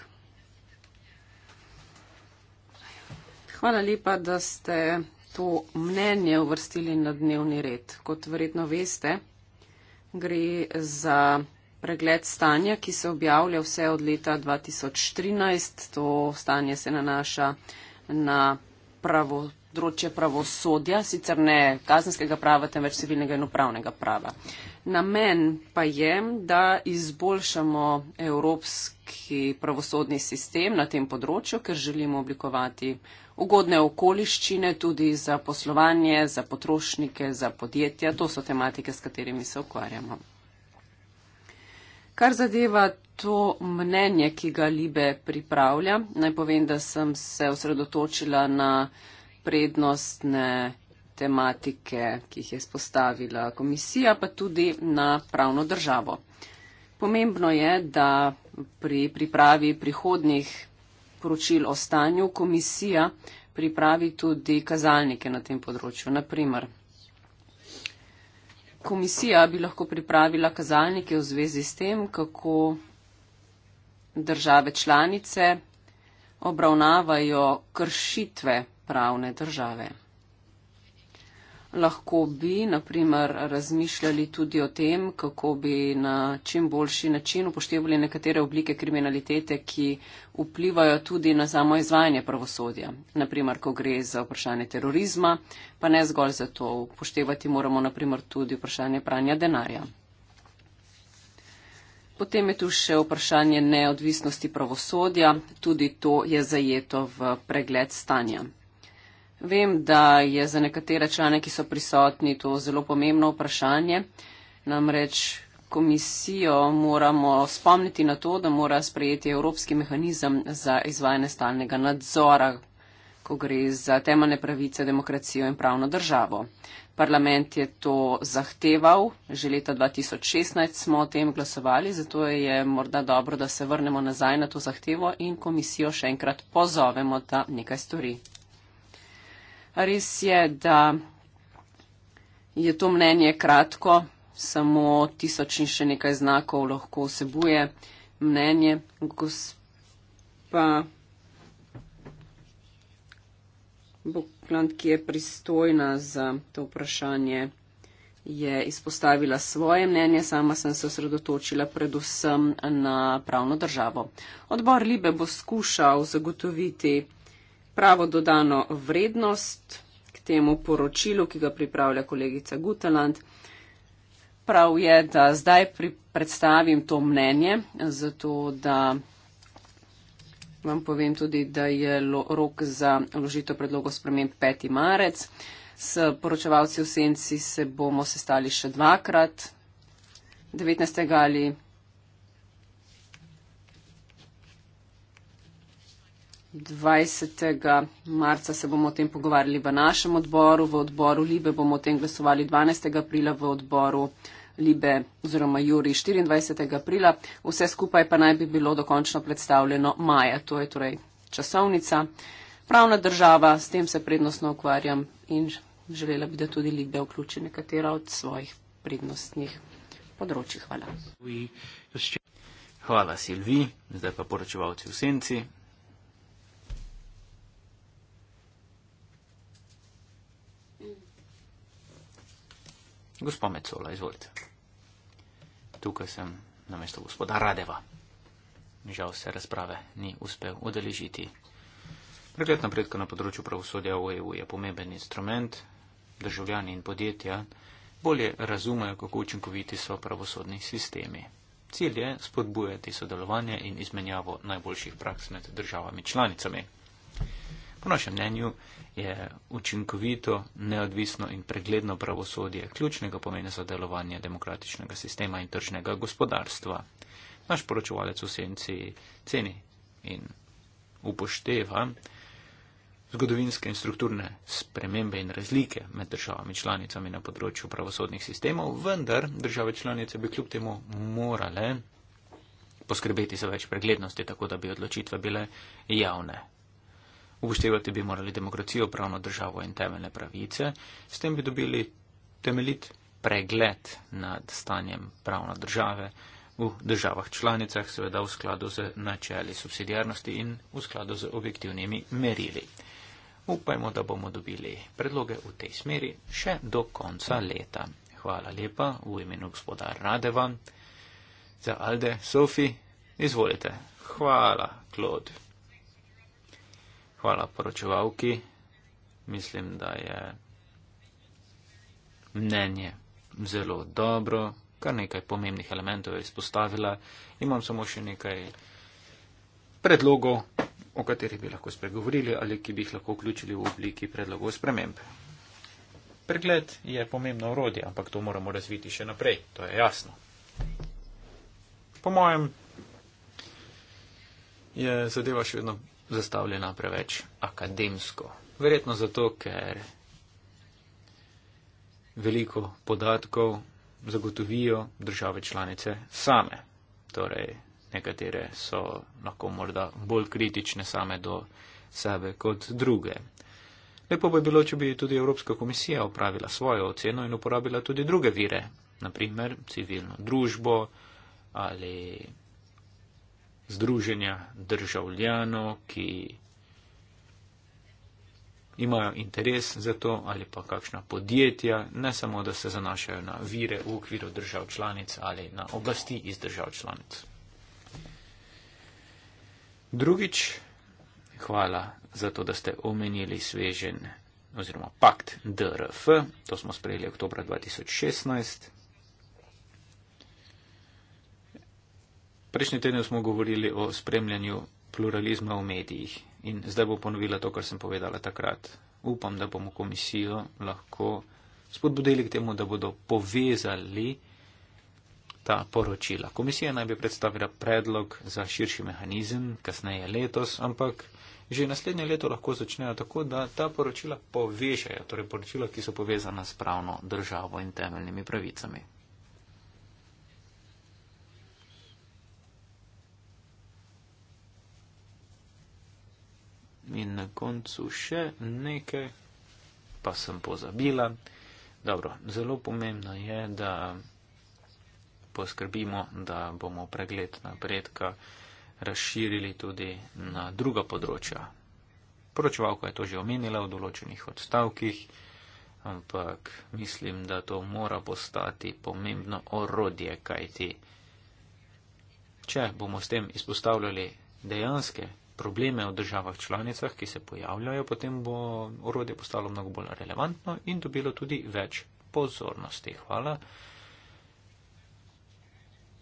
Hvala lepa, da ste to mnenje uvrstili na dnevni red. Kot verjetno veste, gre za pregled stanja, ki se objavlja vse od leta 2013. To stanje se nanaša na pravo, področje pravosodja, sicer ne kazenskega prava, temveč civilnega in upravnega prava. Namen pa je, da izboljšamo evropski pravosodni sistem na tem področju, ker želimo oblikovati ugodne okoliščine tudi za poslovanje, za potrošnike, za podjetja. To so tematike, s katerimi se ukvarjamo. Kar zadeva to mnenje, ki ga Libe pripravlja, naj povem, da sem se osredotočila na prednostne tematike, ki jih je spostavila komisija, pa tudi na pravno državo. Pomembno je, da pri pripravi prihodnih poročil o stanju komisija pripravi tudi kazalnike na tem področju. Naprimer, komisija bi lahko pripravila kazalnike v zvezi s tem, kako države članice obravnavajo kršitve pravne države lahko bi, naprimer, razmišljali tudi o tem, kako bi na čim boljši način upoštevali nekatere oblike kriminalitete, ki vplivajo tudi na samo izvajanje pravosodja. Naprimer, ko gre za vprašanje terorizma, pa ne zgolj za to. Upoštevati moramo naprimer tudi vprašanje pranja denarja. Potem je tu še vprašanje neodvisnosti pravosodja, tudi to je zajeto v pregled stanja. Vem, da je za nekatere člane, ki so prisotni, to zelo pomembno vprašanje. Namreč komisijo moramo spomniti na to, da mora sprejeti Evropski mehanizem za izvajanje stalnega nadzora, ko gre za temeljne pravice, demokracijo in pravno državo. Parlament je to zahteval, že leta 2016 smo o tem glasovali, zato je morda dobro, da se vrnemo nazaj na to zahtevo in komisijo še enkrat pozovemo, da nekaj stori. Res je, da je to mnenje kratko, samo tisoč in še nekaj znakov lahko vsebuje mnenje. Gospa Bokland, ki je pristojna za to vprašanje, je izpostavila svoje mnenje, sama sem se osredotočila predvsem na pravno državo. Odbor Libe bo skušal zagotoviti pravo dodano vrednost k temu poročilu, ki ga pripravlja kolegica Guteland. Prav je, da zdaj predstavim to mnenje, zato da vam povem tudi, da je rok za vložitev predlogov sprememb 5. marec. S poročevalci v Senci se bomo sestali še dvakrat, 19. ali 20. 20. marca se bomo o tem pogovarjali v našem odboru, v odboru Libe bomo o tem glasovali 12. aprila v odboru Libe oziroma Juri 24. aprila. Vse skupaj pa naj bi bilo dokončno predstavljeno maja, to je torej časovnica. Pravna država, s tem se prednostno ukvarjam in želela bi, da tudi Libe vključi nekatera od svojih prednostnih področji. Hvala. Hvala Silvi, zdaj pa poročevalci v senci. Gospod Mecola, izvolite. Tukaj sem na mesto gospoda Radeva. Žal se razprave ni uspel odeležiti. Pregled napredka na področju pravosodja v EU je pomemben instrument. Državljani in podjetja bolje razumejo, kako učinkoviti so pravosodni sistemi. Cilj je spodbujati sodelovanje in izmenjavo najboljših praks med državami članicami. Po našem mnenju je učinkovito, neodvisno in pregledno pravosodje ključnega pomena za delovanje demokratičnega sistema in tržnega gospodarstva. Naš poročevalec v senci ceni in upošteva zgodovinske in strukturne spremembe in razlike med državami članicami na področju pravosodnih sistemov, vendar države članice bi kljub temu morale poskrbeti za več preglednosti, tako da bi odločitve bile javne. Upoštevati bi morali demokracijo, pravno državo in temeljne pravice. S tem bi dobili temeljit pregled nad stanjem pravne države v državah članicah, seveda v skladu z načeli subsidijarnosti in v skladu z objektivnimi merili. Upajmo, da bomo dobili predloge v tej smeri še do konca leta. Hvala lepa v imenu gospoda Radeva. Za Alde, Sofi, izvolite. Hvala, Klod hvala poročevalki. Mislim, da je mnenje zelo dobro, kar nekaj pomembnih elementov je izpostavila. Imam samo še nekaj predlogov, o katerih bi lahko spregovorili ali ki bi jih lahko vključili v obliki predlogov sprememb. Pregled je pomembno urodje, ampak to moramo razviti še naprej, to je jasno. Po mojem je zadeva še vedno zastavljena preveč akademsko. Verjetno zato, ker veliko podatkov zagotovijo države članice same. Torej, nekatere so lahko morda bolj kritične same do sebe kot druge. Lepo bi bilo, če bi tudi Evropska komisija opravila svojo oceno in uporabila tudi druge vire, naprimer civilno družbo ali združenja državljanov, ki imajo interes za to ali pa kakšna podjetja, ne samo, da se zanašajo na vire v okviru držav članic ali na oblasti iz držav članic. Drugič, hvala za to, da ste omenili svežen oziroma pakt DRF, to smo sprejeli oktober 2016. Prejšnji teden smo govorili o spremljanju pluralizma v medijih in zdaj bo ponovila to, kar sem povedala takrat. Upam, da bomo komisijo lahko spodbudili k temu, da bodo povezali ta poročila. Komisija naj bi predstavila predlog za širši mehanizem, kasneje letos, ampak že naslednje leto lahko začnejo tako, da ta poročila povežajo, torej poročila, ki so povezana s pravno državo in temeljnimi pravicami. in na koncu še nekaj, pa sem pozabila. Dobro, zelo pomembno je, da poskrbimo, da bomo pregled napredka razširili tudi na druga področja. Poročevalka je to že omenila v določenih odstavkih, ampak mislim, da to mora postati pomembno orodje, kajti če bomo s tem izpostavljali dejanske probleme v državah članicah, ki se pojavljajo, potem bo orodje postalo mnogo bolj relevantno in dobilo tudi več pozornosti. Hvala.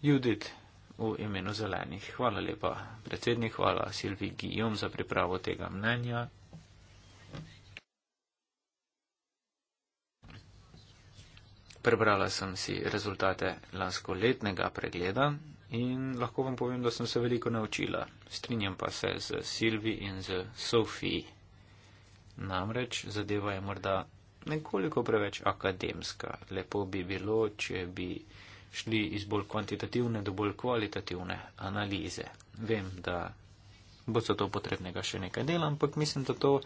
Judith v imenu zelenih. Hvala lepa, predsednik. Hvala Silvi Gijom za pripravo tega mnenja. Prebrala sem si rezultate lanskoletnega pregleda in lahko vam povem, da sem se veliko naučila. Strinjam pa se z Silvi in z Sofiji. Namreč zadeva je morda nekoliko preveč akademska. Lepo bi bilo, če bi šli iz bolj kvantitativne do bolj kvalitativne analize. Vem, da bo za to potrebnega še nekaj dela, ampak mislim, da to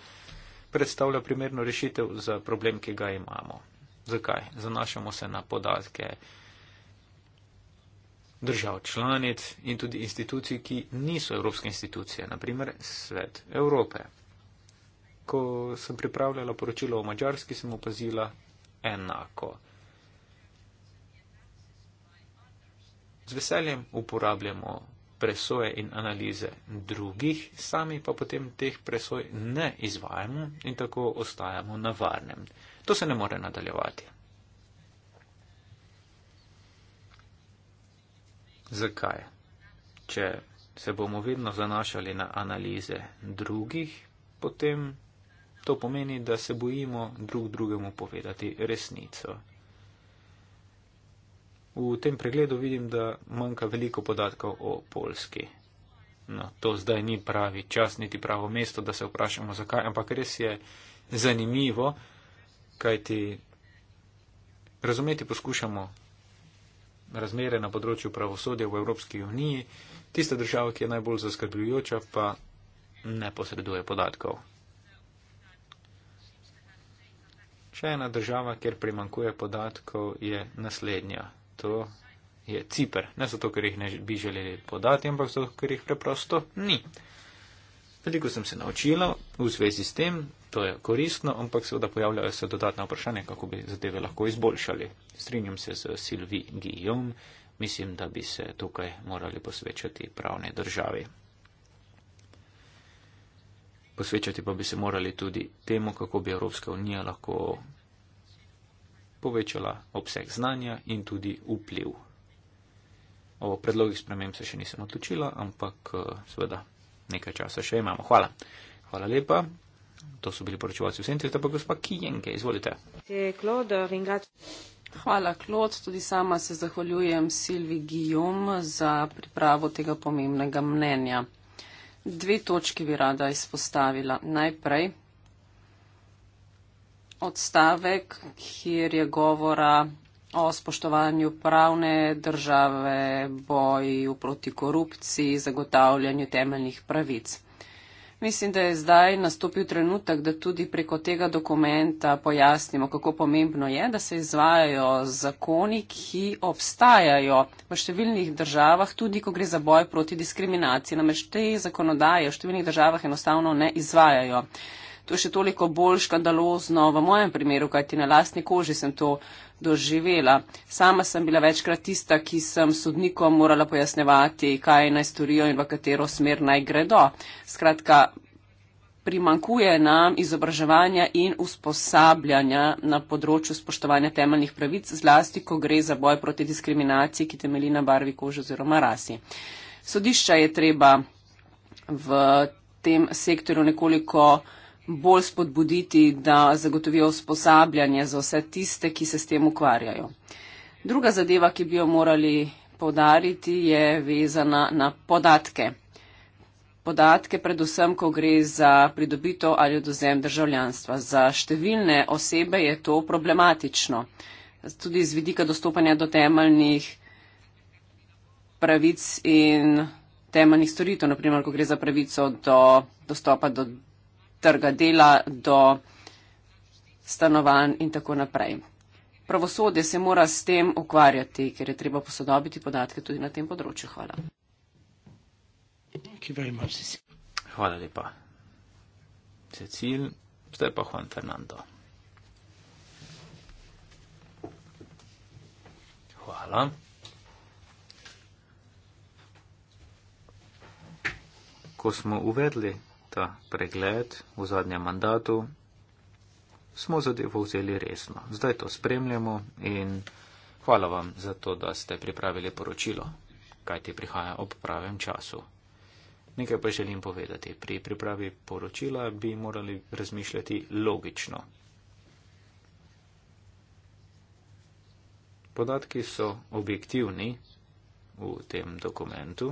predstavlja primerno rešitev za problem, ki ga imamo. Zakaj? Zanašamo se na podatke držav članic in tudi institucij, ki niso evropske institucije, naprimer Svet Evrope. Ko sem pripravljala poročilo o Mačarski, sem opazila enako. Z veseljem uporabljamo presoje in analize drugih, sami pa potem teh presoj ne izvajamo in tako ostajamo na varnem. To se ne more nadaljevati. Zakaj? Če se bomo vedno zanašali na analize drugih, potem to pomeni, da se bojimo drug drugemu povedati resnico. V tem pregledu vidim, da manjka veliko podatkov o Polski. No, to zdaj ni pravi čas, niti pravo mesto, da se vprašamo zakaj, ampak res je zanimivo, kajti razumeti poskušamo razmere na področju pravosodja v Evropski uniji, tista država, ki je najbolj zaskrbljujoča, pa ne posreduje podatkov. Še ena država, kjer primankuje podatkov, je naslednja. To je Cipr. Ne zato, ker jih ne bi želeli podati, ampak zato, ker jih preprosto ni veliko sem se naučila v zvezi s tem, to je koristno, ampak seveda pojavljajo se dodatna vprašanja, kako bi zadeve lahko izboljšali. Strinjam se z Silvi Gijom, mislim, da bi se tukaj morali posvečati pravne državi. Posvečati pa bi se morali tudi temu, kako bi Evropska unija lahko povečala obseg znanja in tudi vpliv. O predlogih sprememb se še nisem odločila, ampak eh, seveda nekaj časa še imamo. Hvala. Hvala lepa. To so bili poročevalci v centru, pa gospa Kijenke, izvolite. Eh, Hvala, Klod. Tudi sama se zahvaljujem Silvi Gijom za pripravo tega pomembnega mnenja. Dve točki bi rada izpostavila. Najprej odstavek, kjer je govora o spoštovanju pravne države, boju proti korupciji, zagotavljanju temeljnih pravic. Mislim, da je zdaj nastopil trenutek, da tudi preko tega dokumenta pojasnimo, kako pomembno je, da se izvajajo zakoni, ki obstajajo v številnih državah, tudi ko gre za boj proti diskriminaciji. Namreč te zakonodaje v številnih državah enostavno ne izvajajo. To je še toliko bolj škandalozno v mojem primeru, kajti na lastni koži sem to doživela. Sama sem bila večkrat tista, ki sem sodnikom morala pojasnevati, kaj naj storijo in v katero smer naj gredo. Skratka, primankuje nam izobraževanja in usposabljanja na področju spoštovanja temeljnih pravic, zlasti, ko gre za boj proti diskriminaciji, ki temeli na barvi kože oziroma rasi. Sodišča je treba v tem sektorju nekoliko bolj spodbuditi, da zagotovijo usposabljanje za vse tiste, ki se s tem ukvarjajo. Druga zadeva, ki bi jo morali podariti, je vezana na podatke. Podatke predvsem, ko gre za pridobitev ali odozem državljanstva. Za številne osebe je to problematično. Tudi z vidika dostopanja do temeljnih pravic in temeljnih storitev, naprimer, ko gre za pravico do dostopa do trga dela do stanovanj in tako naprej. Pravosodje se mora s tem ukvarjati, ker je treba posodobiti podatke tudi na tem področju. Hvala. Hvala lepa. Cecil, zdaj pa Juan Fernando. Hvala. Ko smo uvedli ta pregled v zadnjem mandatu, smo zadevo vzeli resno. Zdaj to spremljamo in hvala vam za to, da ste pripravili poročilo, kaj ti prihaja ob pravem času. Nekaj pa želim povedati. Pri pripravi poročila bi morali razmišljati logično. Podatki so objektivni v tem dokumentu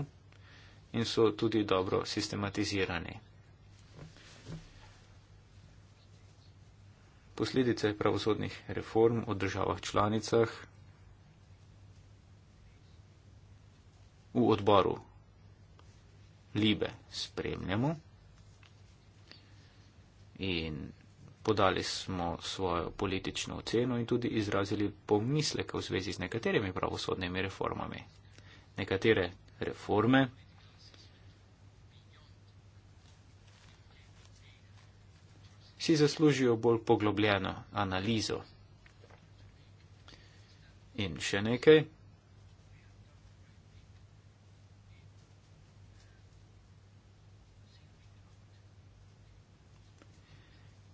in so tudi dobro sistematizirani. posledice pravosodnih reform o državah članicah v odboru Libe spremljamo in podali smo svojo politično oceno in tudi izrazili pomisleke v zvezi z nekaterimi pravosodnimi reformami. Nekatere reforme si zaslužijo bolj poglobljeno analizo. In še nekaj.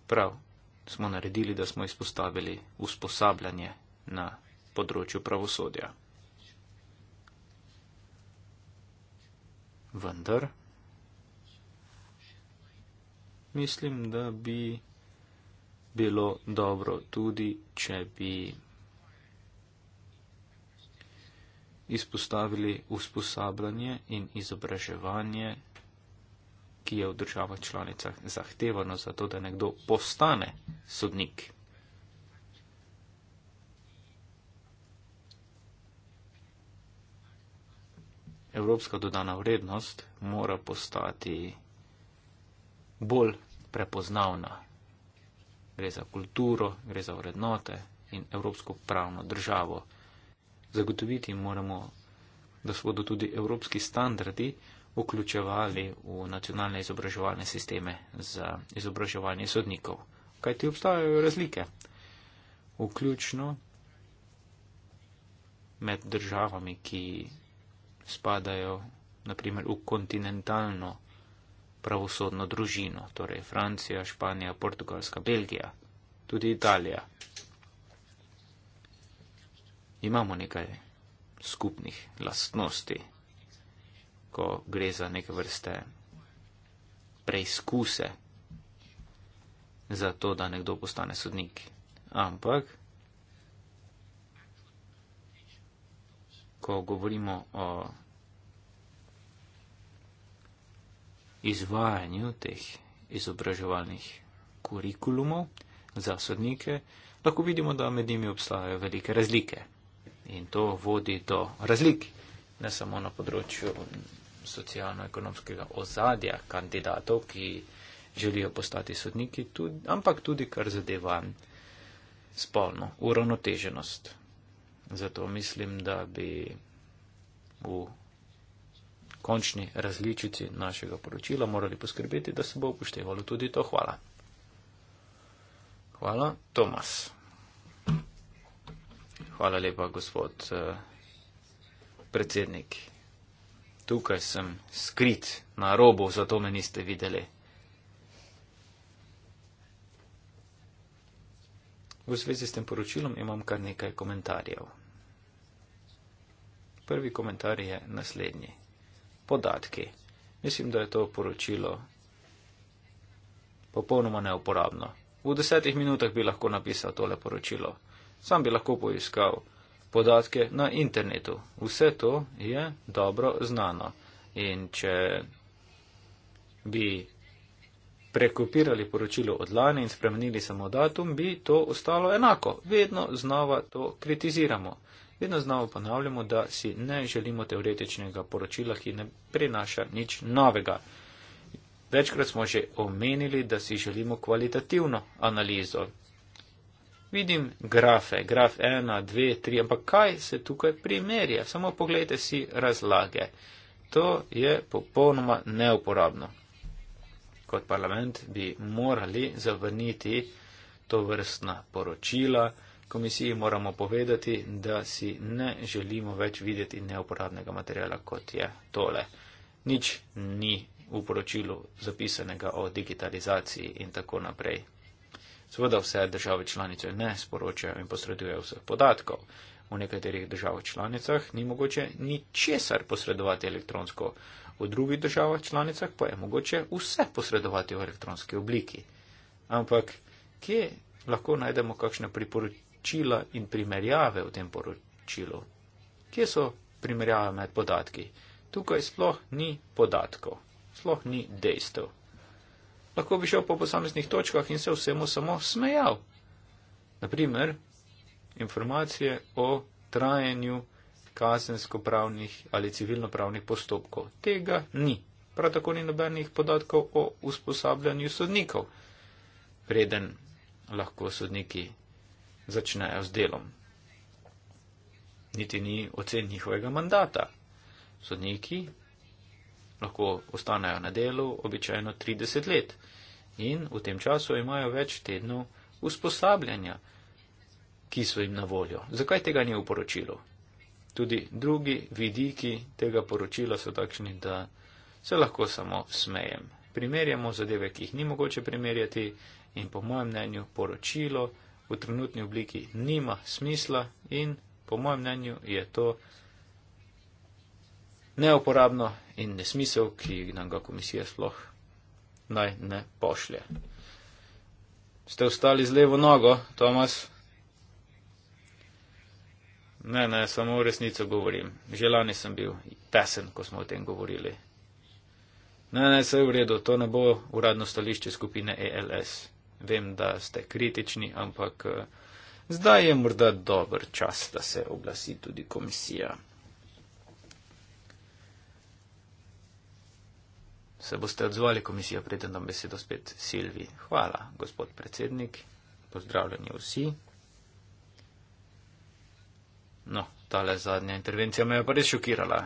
Prav smo naredili, da smo izpostavili usposabljanje na področju pravosodja. Vendar mislim, da bi bilo dobro tudi, če bi izpostavili usposabljanje in izobraževanje, ki je v državah članicah zahtevano za to, da nekdo postane sodnik. Evropska dodana vrednost mora postati bolj prepoznavna. Gre za kulturo, gre za vrednote in evropsko pravno državo. Zagotoviti moramo, da se bodo tudi evropski standardi vključevali v nacionalne izobraževalne sisteme za izobraževanje sodnikov. Kaj ti obstajajo razlike? Vključno med državami, ki spadajo naprimer v kontinentalno pravosodno družino, torej Francija, Španija, Portugalska, Belgija, tudi Italija. Imamo nekaj skupnih lastnosti, ko gre za neke vrste preizkuse za to, da nekdo postane sodnik. Ampak, ko govorimo o izvajanju teh izobraževalnih kurikulumov za sodnike, lahko vidimo, da med njimi obstajajo velike razlike. In to vodi do razlik, ne samo na področju socialno-ekonomskega ozadja kandidatov, ki želijo postati sodniki, tudi, ampak tudi kar zadeva spolno uravnoteženost. Zato mislim, da bi v končni različici našega poročila morali poskrbeti, da se bo upoštevalo tudi to. Hvala. Hvala, Tomas. Hvala lepa, gospod eh, predsednik. Tukaj sem skrit na robu, zato me niste videli. V zvezi s tem poročilom imam kar nekaj komentarjev. Prvi komentar je naslednji podatki. Mislim, da je to poročilo popolnoma neuporabno. V desetih minutah bi lahko napisal tole poročilo. Sam bi lahko poiskal podatke na internetu. Vse to je dobro znano. In če bi prekopirali poročilo od lani in spremenili samo datum, bi to ostalo enako. Vedno znova to kritiziramo. Vedno znova ponavljamo, da si ne želimo teoretičnega poročila, ki ne prinaša nič novega. Večkrat smo že omenili, da si želimo kvalitativno analizo. Vidim grafe, graf 1, 2, 3, ampak kaj se tukaj primerja? Samo pogledajte si razlage. To je popolnoma neuporabno. Kot parlament bi morali zavrniti to vrstna poročila komisiji moramo povedati, da si ne želimo več videti neuporabnega materijala kot je tole. Nič ni v poročilu zapisanega o digitalizaciji in tako naprej. Seveda vse države članice ne sporočajo in posredujejo vseh podatkov. V nekaterih državah članicah ni mogoče ni česar posredovati elektronsko, v drugih državah članicah pa je mogoče vse posredovati v elektronski obliki. Ampak kje lahko najdemo kakšne priporočila? poročila in primerjave v tem poročilu. Kje so primerjave med podatki? Tukaj sploh ni podatkov, sploh ni dejstev. Lahko bi šel po posameznih točkah in se vsemu samo smejal. Naprimer, informacije o trajanju kazensko-pravnih ali civilno-pravnih postopkov. Tega ni. Prav tako ni nobenih podatkov o usposabljanju sodnikov. Preden lahko sodniki začnejo z delom. Niti ni ocen njihovega mandata. Sodniki lahko ostanejo na delu običajno 30 let in v tem času imajo več tednov usposabljanja, ki so jim na voljo. Zakaj tega ni v poročilu? Tudi drugi vidiki tega poročila so takšni, da se lahko samo smejem. Primerjamo zadeve, ki jih ni mogoče primerjati in po mojem mnenju poročilo v trenutni obliki nima smisla in po mojem mnenju je to neuporabno in nesmisel, ki nam ga komisija sploh naj ne pošlje. Ste ostali z levo nogo, Tomas? Ne, ne, samo resnico govorim. Že lani sem bil tesen, ko smo o tem govorili. Ne, ne, vse je v redu, to ne bo uradno stališče skupine ALS. E vem, da ste kritični, ampak eh, zdaj je morda dober čas, da se oglasi tudi komisija. Se boste odzvali komisijo, preden dam besedo spet Silvi. Hvala, gospod predsednik. Pozdravljeni vsi. No, tale zadnja intervencija me je pa res šokirala.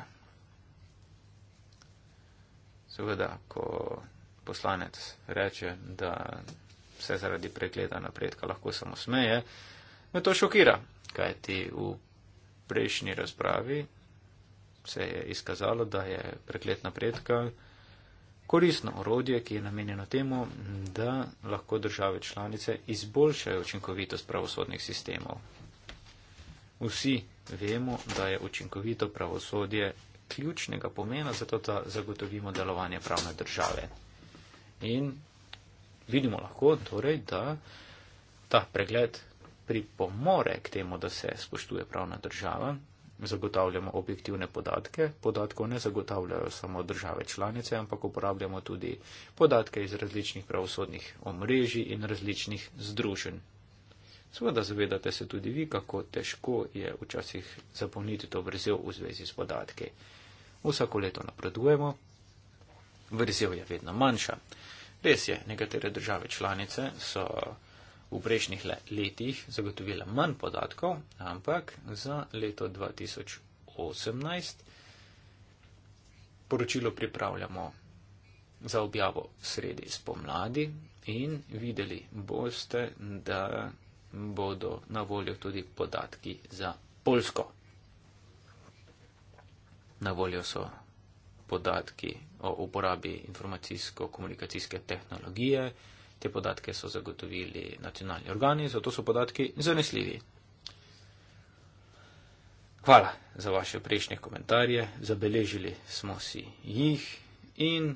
Seveda, ko poslanec reče, da vse zaradi pregleda napredka lahko samo smeje, me to šokira, kajti v prejšnji razpravi se je izkazalo, da je pregled napredka koristno orodje, ki je namenjeno temu, da lahko države članice izboljšajo učinkovitost pravosodnih sistemov. Vsi vemo, da je učinkovito pravosodje ključnega pomena za to, da zagotovimo delovanje pravne države. In vidimo lahko torej, da ta pregled pripomore k temu, da se spoštuje pravna država, zagotavljamo objektivne podatke, podatkov ne zagotavljajo samo države članice, ampak uporabljamo tudi podatke iz različnih pravosodnih omrežij in različnih združenj. Sveda zavedate se tudi vi, kako težko je včasih zapolniti to vrzel v zvezi s podatki. Vsako leto napredujemo, vrzel je vedno manjša. Res je, nekatere države članice so v prejšnjih letih zagotovile manj podatkov, ampak za leto 2018 poročilo pripravljamo za objavo sredi spomladi in videli boste, da bodo na voljo tudi podatki za Poljsko. Na voljo so podatki o uporabi informacijsko-komunikacijske tehnologije. Te podatke so zagotovili nacionalni organi, zato so podatki zanesljivi. Hvala za vaše prejšnje komentarje, zabeležili smo si jih in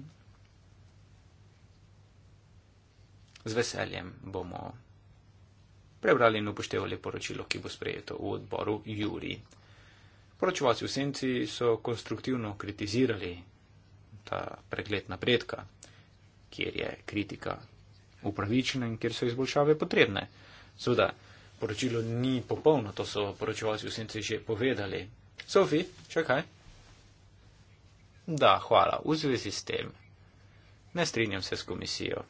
z veseljem bomo prebrali in upoštevali poročilo, ki bo sprejeto v odboru Juri. Poročevalci v senci so konstruktivno kritizirali ta pregled napredka, kjer je kritika upravičena in kjer so izboljšave potrebne. Seveda, poročilo ni popolno, to so poročevalci v senci že povedali. Sofi, čakaj. Da, hvala, v zvezi s tem. Ne strinjam se s komisijo.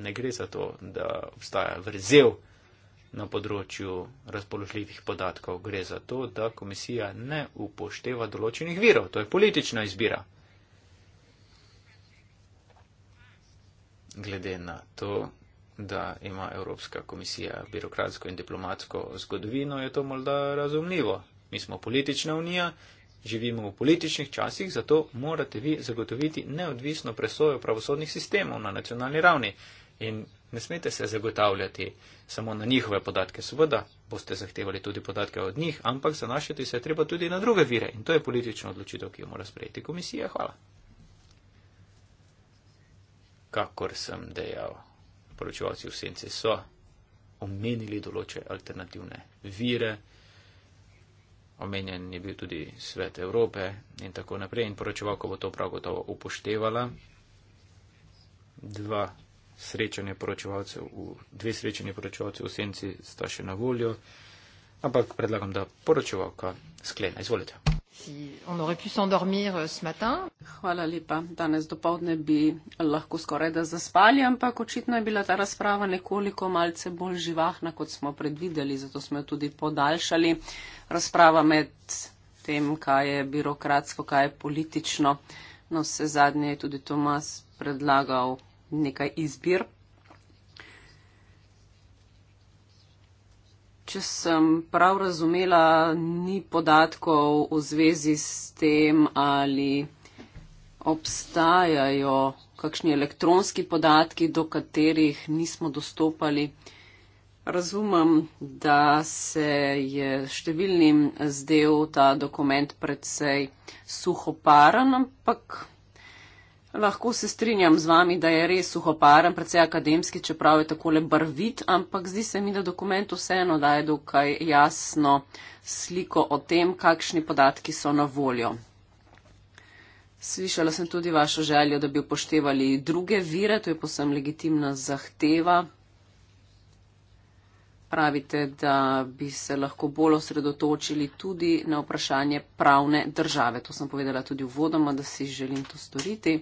Ne gre za to, da obstaja vrzel na področju razpoložljivih podatkov. Gre za to, da komisija ne upošteva določenih virov. To je politična izbira. Glede na to, da ima Evropska komisija birokratsko in diplomatsko zgodovino, je to morda razumljivo. Mi smo politična unija, živimo v političnih časih, zato morate vi zagotoviti neodvisno presojo pravosodnih sistemov na nacionalni ravni. In Ne smete se zagotavljati samo na njihove podatke, seveda boste zahtevali tudi podatke od njih, ampak zanašati se treba tudi na druge vire in to je politična odločitev, ki jo mora sprejeti komisija. Hvala. Kakor sem dejal, poročevalci v senci so omenili določe alternativne vire, omenjen je bil tudi svet Evrope in tako naprej in poročevalko bo to prav gotovo upoštevala. Dva srečanje poročevalcev, dve srečanje poročevalcev v senci sta še na voljo, ampak predlagam, da poročevalka sklene. Izvolite. Euh, Hvala lepa. Danes dopovdne bi lahko skoraj da zaspali, ampak očitno je bila ta razprava nekoliko malce bolj živahna, kot smo predvideli, zato smo jo tudi podaljšali. Razprava med tem, kaj je birokratsko, kaj je politično. No, vse zadnje je tudi Tomas predlagal nekaj izbir. Če sem prav razumela, ni podatkov v zvezi s tem, ali obstajajo kakšni elektronski podatki, do katerih nismo dostopali. Razumem, da se je številnim zdel ta dokument predvsej suhoparen, ampak Lahko se strinjam z vami, da je res suhoparen, predvsej akademski, čeprav je tako le barvit, ampak zdi se mi, da dokument vseeno daje dokaj jasno sliko o tem, kakšni podatki so na voljo. Slišala sem tudi vašo željo, da bi upoštevali druge vire, to je posem legitimna zahteva. Pravite, da bi se lahko bolj osredotočili tudi na vprašanje pravne države. To sem povedala tudi v vodoma, da si želim to storiti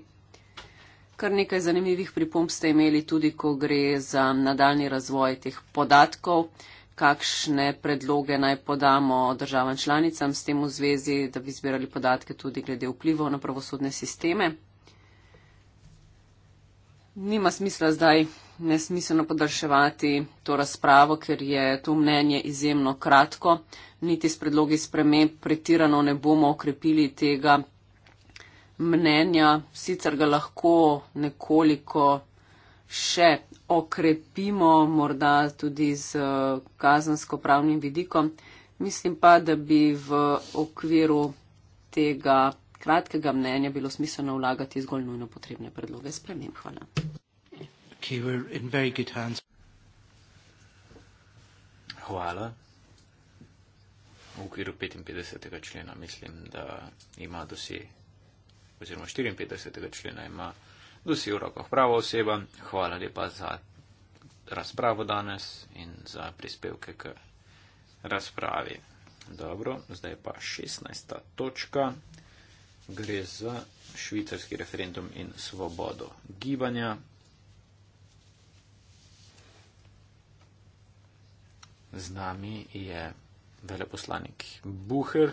kar nekaj zanimivih pripomp ste imeli tudi, ko gre za nadaljni razvoj teh podatkov, kakšne predloge naj podamo državam članicam s tem v zvezi, da bi zbirali podatke tudi glede vplivov na pravosodne sisteme. Nima smisla zdaj nesmiselno podaljševati to razpravo, ker je to mnenje izjemno kratko. Niti s predlogi spremen pretirano ne bomo okrepili tega mnenja, sicer ga lahko nekoliko še okrepimo, morda tudi z eh, kazansko pravnim vidikom. Mislim pa, da bi v okviru tega kratkega mnenja bilo smiselno vlagati zgolj nujno potrebne predloge sprememb. Hvala. Hvala. V okviru 55. člena mislim, da ima dosi oziroma 54. člena ima vsi v rokah pravo osebo. Hvala lepa za razpravo danes in za prispevke k razpravi. Dobro, zdaj pa 16. točka. Gre za švicarski referendum in svobodo gibanja. Z nami je veleposlanik Buher.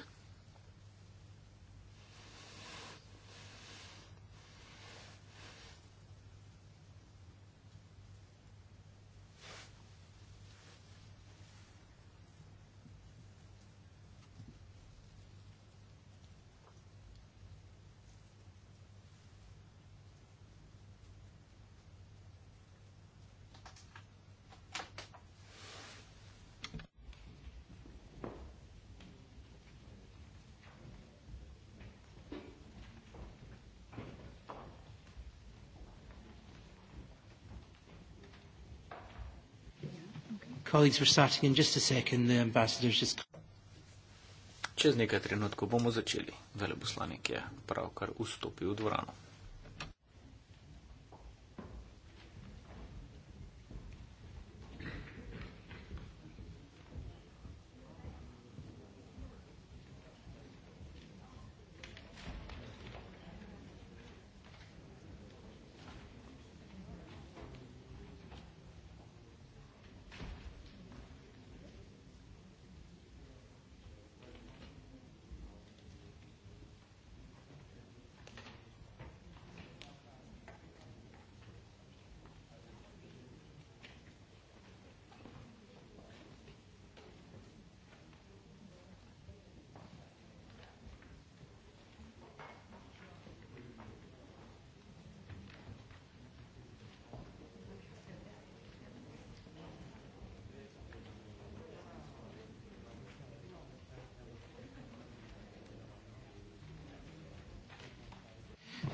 Colleagues, we're starting in just a second. The ambassador's just. Čez nekaj trenutkov bomo začeli. Veleposlanik je pravkar vstopil v dvorano.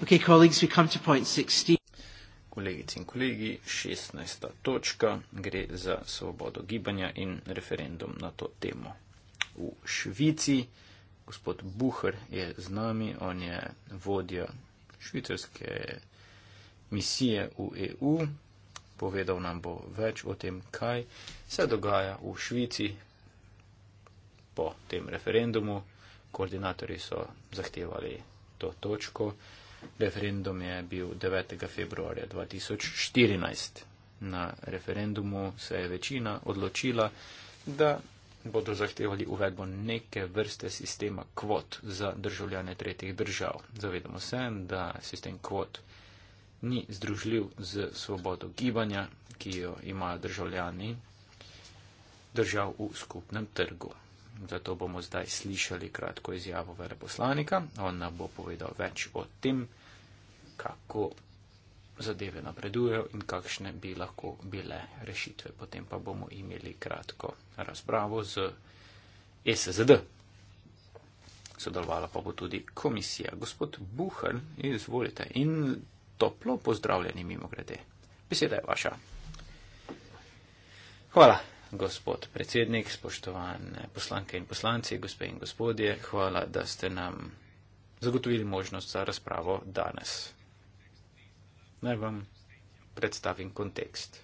Okay, colleagues, we come to point 16. Kolegice in kolegi, 16. točka gre za svobodo gibanja in referendum na to temo. V Švici, gospod Buhr je z nami, on je vodja švicarske misije v EU, povedal nam bo več o tem, kaj se dogaja v Švici po tem referendumu. Koordinatori so zahtevali to točko. Referendum je bil 9. februarja 2014. Na referendumu se je večina odločila, da bodo zahtevali uvedbo neke vrste sistema kvot za državljane tretjih držav. Zavedamo se, da sistem kvot ni združljiv z svobodo gibanja, ki jo imajo državljani držav v skupnem trgu. Zato bomo zdaj slišali kratko izjavo veleposlanika. On nam bo povedal več o tem, kako zadeve napredujejo in kakšne bi lahko bile rešitve. Potem pa bomo imeli kratko razpravo z e SZD. Sodelovala pa bo tudi komisija. Gospod Buhr, izvolite in toplo pozdravljeni mimo grede. Beseda je vaša. Hvala gospod predsednik, spoštovane poslanke in poslanci, gospe in gospodje, hvala, da ste nam zagotovili možnost za razpravo danes. Naj vam predstavim kontekst.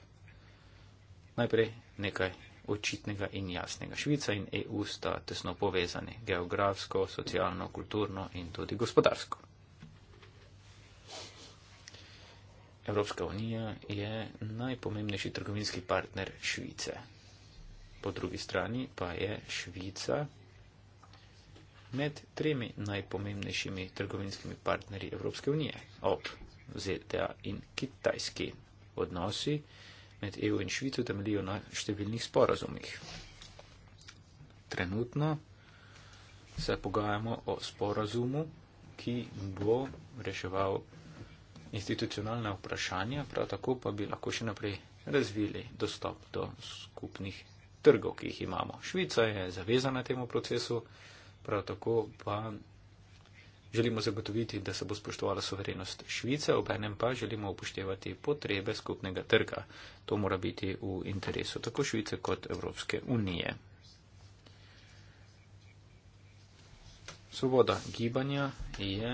Najprej nekaj očitnega in jasnega. Švica in EU sta tesno povezani geografsko, socialno, kulturno in tudi gospodarsko. Evropska unija je najpomembnejši trgovinski partner Švice po drugi strani pa je Švica med tremi najpomembnejšimi trgovinskimi partnerji Evropske unije, ob ZDA in Kitajski. Odnosi med EU in Švico temeljijo na številnih sporazumih. Trenutno se pogajamo o sporazumu, ki bo reševal institucionalna vprašanja, prav tako pa bi lahko še naprej razvili dostop do skupnih trgov, ki jih imamo. Švica je zavezana temu procesu, prav tako pa želimo zagotoviti, da se bo spoštovala soverenost Švice, obenem pa želimo upoštevati potrebe skupnega trga. To mora biti v interesu tako Švice kot Evropske unije. Svoboda gibanja je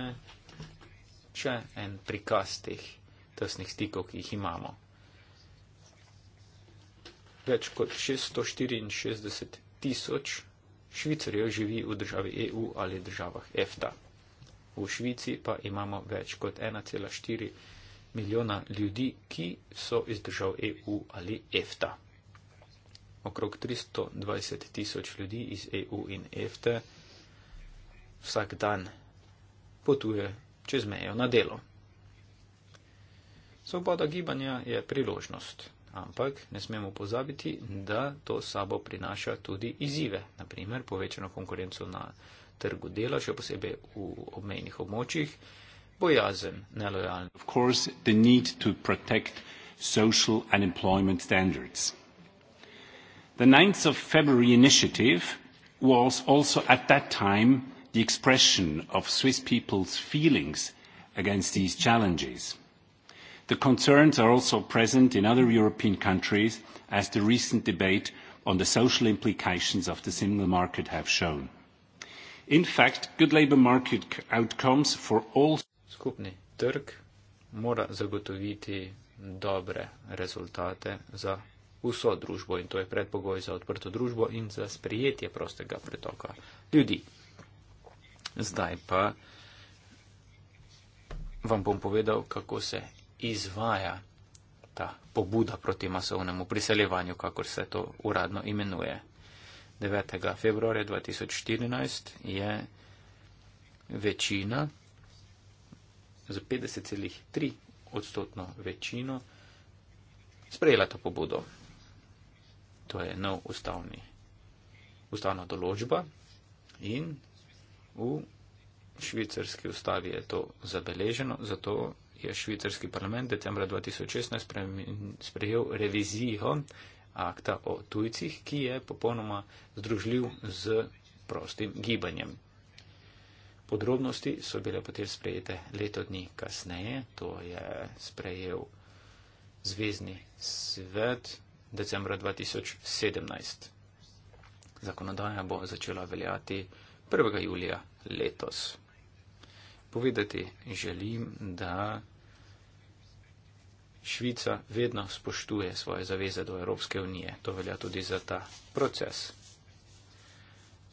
še en prikaz teh tesnih stikov, ki jih imamo več kot 664 tisoč švicarjev živi v državi EU ali državah EFTA. V Švici pa imamo več kot 1,4 milijona ljudi, ki so iz držav EU ali EFTA. Okrog 320 tisoč ljudi iz EU in EFTA vsak dan potuje čez mejo na delo. Svoboda gibanja je priložnost. Ampak ne smemo pozabiti, da to sabo prinaša tudi izzive, naprimer povečano konkurenco na trgu dela, še posebej v obmejnih območjih, bojazen, nelojalen. was also at that time the expression of Swiss people's feelings against these challenges. The concerns are also present in other European countries, as the recent debate on the social implications of the single market have shown. In fact, good labor market outcomes for all- Skupni trg mora zagotoviti dobre rezultate za vso družbo in to je predpogoj za odprto družbo in za sprejetje prostega pretoka ljudi. Zdaj pa vam bom povedal, kako se izvaja ta pobuda proti masovnemu priseljevanju, kako se to uradno imenuje. 9. februarja 2014 je večina z 50,3 odstotno večino sprejela to pobudo. To je nov ustavni, ustavna določba in v švicarski ustavi je to zabeleženo, zato je švicarski parlament decembra 2016 sprejel revizijo akta o tujcih, ki je popolnoma združljiv z prostim gibanjem. Podrobnosti so bile potem sprejete leto dni kasneje, to je sprejel Zvezdni svet decembra 2017. Zakonodaja bo začela veljati 1. julija letos povedati. Želim, da Švica vedno spoštuje svoje zaveze do Evropske unije. To velja tudi za ta proces.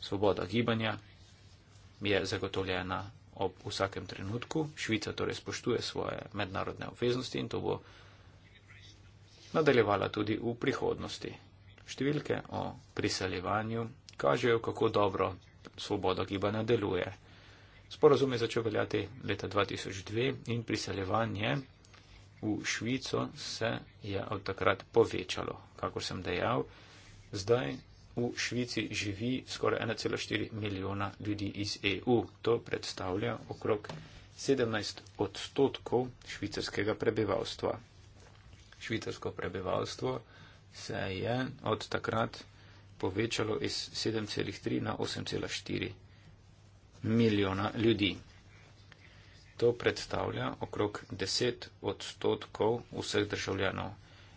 Svoboda gibanja je zagotovljena ob vsakem trenutku. Švica torej spoštuje svoje mednarodne obveznosti in to bo nadaljevala tudi v prihodnosti. Številke o priseljevanju kažejo, kako dobro svoboda gibanja deluje. Sporazum je začel veljati leta 2002 in priseljevanje v Švico se je od takrat povečalo, kako sem dejal. Zdaj v Švici živi skoraj 1,4 milijona ljudi iz EU. To predstavlja okrog 17 odstotkov švicarskega prebivalstva. Švicarsko prebivalstvo se je od takrat povečalo iz 7,3 na milijona ljudi. To predstavlja okrog 10 odstotkov vseh državljanov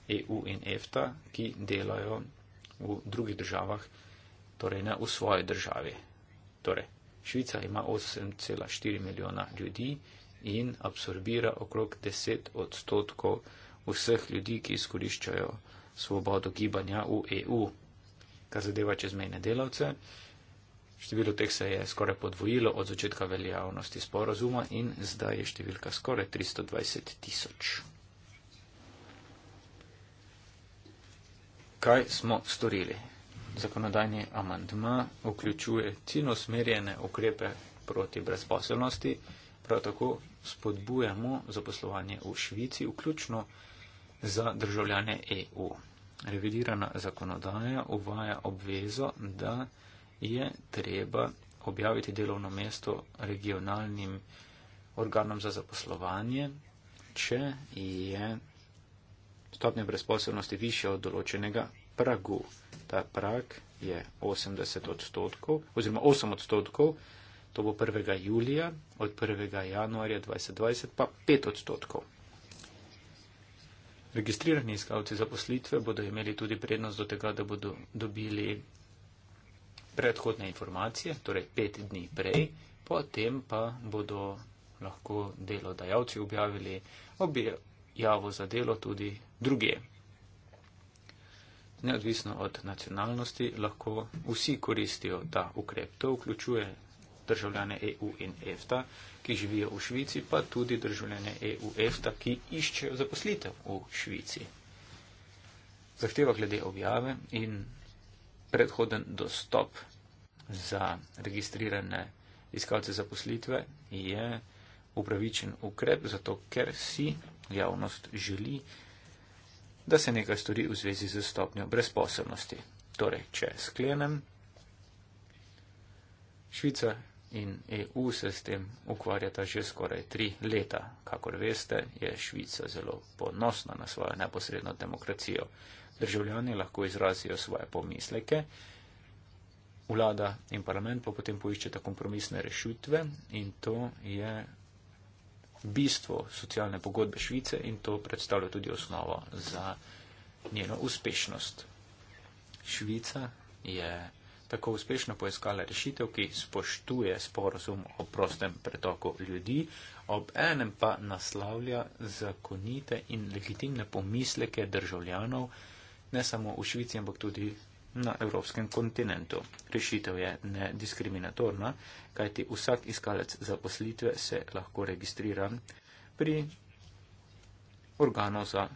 EU in EFTA, ki delajo v drugih državah, torej ne v svoji državi. Torej, Švica ima 8,4 milijona ljudi in absorbira okrog 10 odstotkov vseh ljudi, ki izkoriščajo svobodo gibanja v EU. Kar zadeva čezmejne delavce, Število teh se je skoraj podvojilo od začetka veljavnosti sporazuma in zdaj je številka skoraj 320 tisoč. Kaj smo storili? Zakonodajni amandma vključuje cino smerjene ukrepe proti brezposelnosti, prav tako spodbujamo zaposlovanje v Švici, vključno za državljane EU. Revidirana zakonodaja uvaja obvezo, da je treba objaviti delovno mesto regionalnim organom za zaposlovanje, če je stopnja brezposobnosti više od določenega pragu. Ta prag je 80 odstotkov oziroma 8 odstotkov, to bo 1. julija, od 1. januarja 2020 pa 5 odstotkov. Registrirani iskalci zaposlitve bodo imeli tudi prednost do tega, da bodo dobili predhodne informacije, torej pet dni prej, potem pa bodo lahko delodajalci objavili objavo za delo tudi druge. Neodvisno od nacionalnosti lahko vsi koristijo ta ukrep. To vključuje državljane EU in EFTA, ki živijo v Švici, pa tudi državljane EU in e EFTA, ki iščejo zaposlitev v Švici. Zahteva glede objave in predhoden dostop za registrirane iskalce zaposlitve je upravičen ukrep, zato ker si javnost želi, da se nekaj stori v zvezi z stopnjo brezposobnosti. Torej, če sklenem, Švica in EU se s tem ukvarjata že skoraj tri leta. Kakor veste, je Švica zelo ponosna na svojo neposredno demokracijo državljani lahko izrazijo svoje pomisleke, vlada in parlament pa potem poiščeta kompromisne rešitve in to je bistvo socialne pogodbe Švice in to predstavlja tudi osnovo za njeno uspešnost. Švica je tako uspešno poiskala rešitev, ki spoštuje sporozum o prostem pretoku ljudi, ob enem pa naslavlja zakonite in legitimne pomisleke državljanov, ne samo v Švici, ampak tudi na evropskem kontinentu. Rešitev je nediskriminatorna, kajti vsak iskalec zaposlitve se lahko registrira pri organu za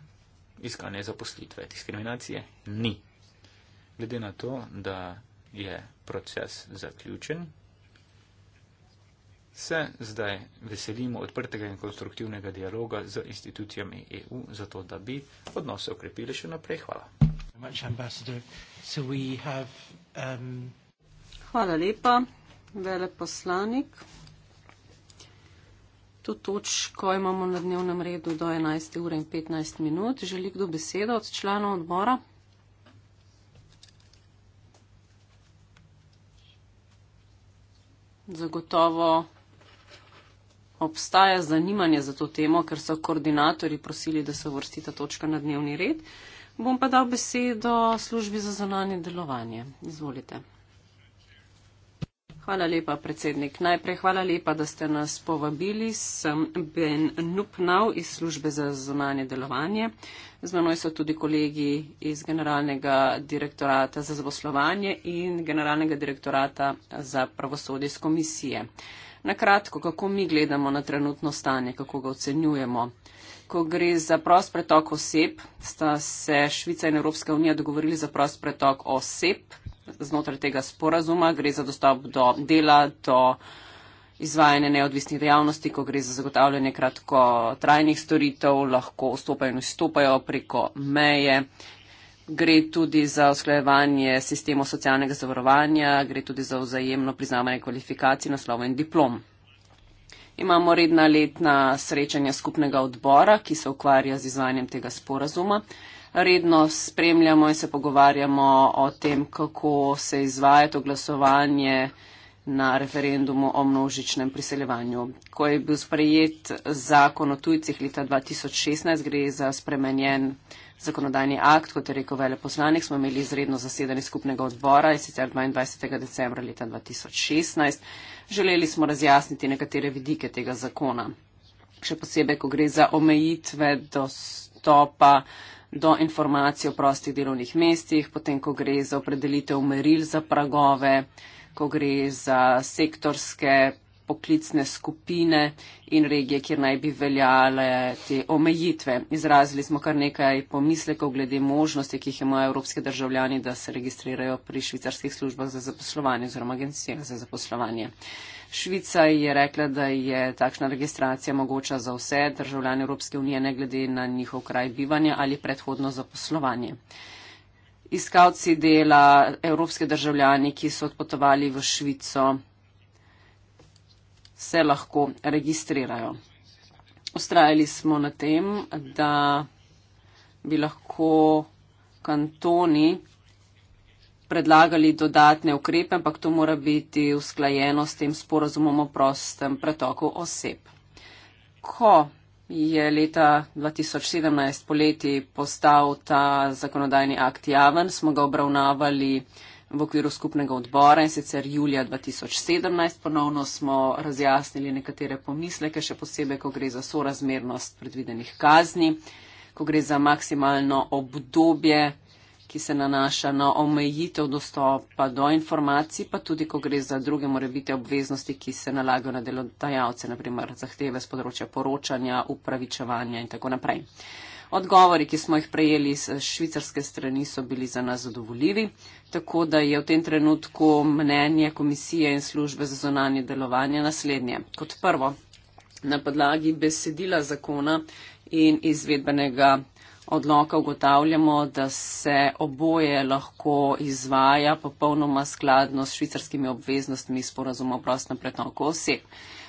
iskanje zaposlitve. Diskriminacije ni. Glede na to, da je proces zaključen, se zdaj veselimo odprtega in konstruktivnega dialoga z institucijami EU, zato da bi odnose ukrepili še naprej. Hvala. Um, Hvala lepa, veleposlanik. To točko imamo na dnevnem redu do 11. ure in 15 minut. Želi kdo besedo od članov odbora? Zagotovo obstaja zanimanje za to temo, ker so koordinatori prosili, da se vrsti ta točka na dnevni red. Bom pa dal besedo službi za zonanje delovanje. Izvolite. Hvala lepa, predsednik. Najprej hvala lepa, da ste nas povabili. Sem Ben Nupnau iz službe za zonanje delovanje. Z menoj so tudi kolegi iz Generalnega direktorata za zaposlovanje in Generalnega direktorata za pravosodje z komisije. Uh, Na kratko, kako mi gledamo na trenutno stanje, kako ga ocenjujemo. Ko gre za prost pretok oseb, sta se Švica in Evropska unija dogovorili za prost pretok oseb znotraj tega sporazuma. Gre za dostop do dela, do izvajanje neodvisnih dejavnosti, ko gre za zagotavljanje kratko trajnih storitev, lahko vstopajo in vstopajo preko meje, gre tudi za usklajevanje sistemov socialnega zavarovanja, gre tudi za vzajemno priznavanje kvalifikacij, naslova in diplom. Imamo redna letna srečanja skupnega odbora, ki se ukvarja z izvajanjem tega sporazuma. Redno spremljamo in se pogovarjamo o tem, kako se izvaja to glasovanje na referendumu o množičnem priseljevanju. Ko je bil sprejet zakon o tujcih leta 2016, gre za spremenjen zakonodajni akt, kot je rekel veleposlanik, smo imeli izredno zasedanje skupnega odbora in sicer 22. decembra leta 2016. Želeli smo razjasniti nekatere vidike tega zakona. Še posebej, ko gre za omejitve dostopa do informacij o prostih delovnih mestih, potem, ko gre za opredelitev meril za pragove, ko gre za sektorske poklicne skupine in regije, kjer naj bi veljale te omejitve. Izrazili smo kar nekaj pomislekov glede možnosti, ki jih imajo evropske državljani, da se registrirajo pri švicarskih službah za zaposlovanje oziroma agencijah za zaposlovanje. Švica je rekla, da je takšna registracija mogoča za vse državljane Evropske unije, ne glede na njihov kraj bivanja ali predhodno zaposlovanje. Iskalci dela, evropske državljani, ki so odpotovali v Švico, se lahko registrirajo. Ustrajali smo na tem, da bi lahko kantoni predlagali dodatne ukrepe, ampak to mora biti usklajeno s tem sporozumom o prostem pretoku oseb. Ko je leta 2017 poleti postal ta zakonodajni akt javen, smo ga obravnavali v okviru skupnega odbora in sicer julija 2017. Ponovno smo razjasnili nekatere pomisleke, še posebej, ko gre za sorazmernost predvidenih kazni, ko gre za maksimalno obdobje, ki se nanaša na omejitev dostopa do informacij, pa tudi, ko gre za druge morebite obveznosti, ki se nalagajo na delodajalce, naprimer zahteve z področja poročanja, upravičevanja in tako naprej. Odgovori, ki smo jih prejeli iz švicarske strani, so bili za nas zadovoljivi, tako da je v tem trenutku mnenje komisije in službe za zonanje delovanje naslednje. Kot prvo, na podlagi besedila zakona in izvedbenega odloka ugotavljamo, da se oboje lahko izvaja popolnoma skladno s švicarskimi obveznostmi sporazuma o prostem pretoku oseb.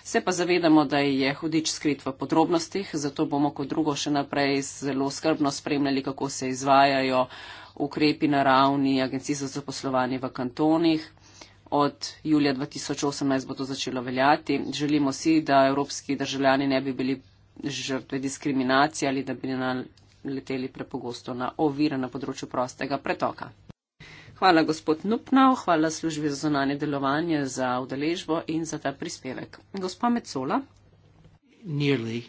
Se pa zavedamo, da je hudič skrit v podrobnostih, zato bomo kot drugo še naprej zelo skrbno spremljali, kako se izvajajo ukrepi na ravni agencij za zaposlovanje v kantonih. Od julija 2018 bo to začelo veljati. Želimo si, da evropski državljani ne bi bili žrtve diskriminacije ali da bi naleteli prepogosto na ovire na področju prostega pretoka. Hvala gospod Nupnav, hvala službi za zonanje delovanje za udeležbo in za ta prispevek. Gospa Mecola. Nearly.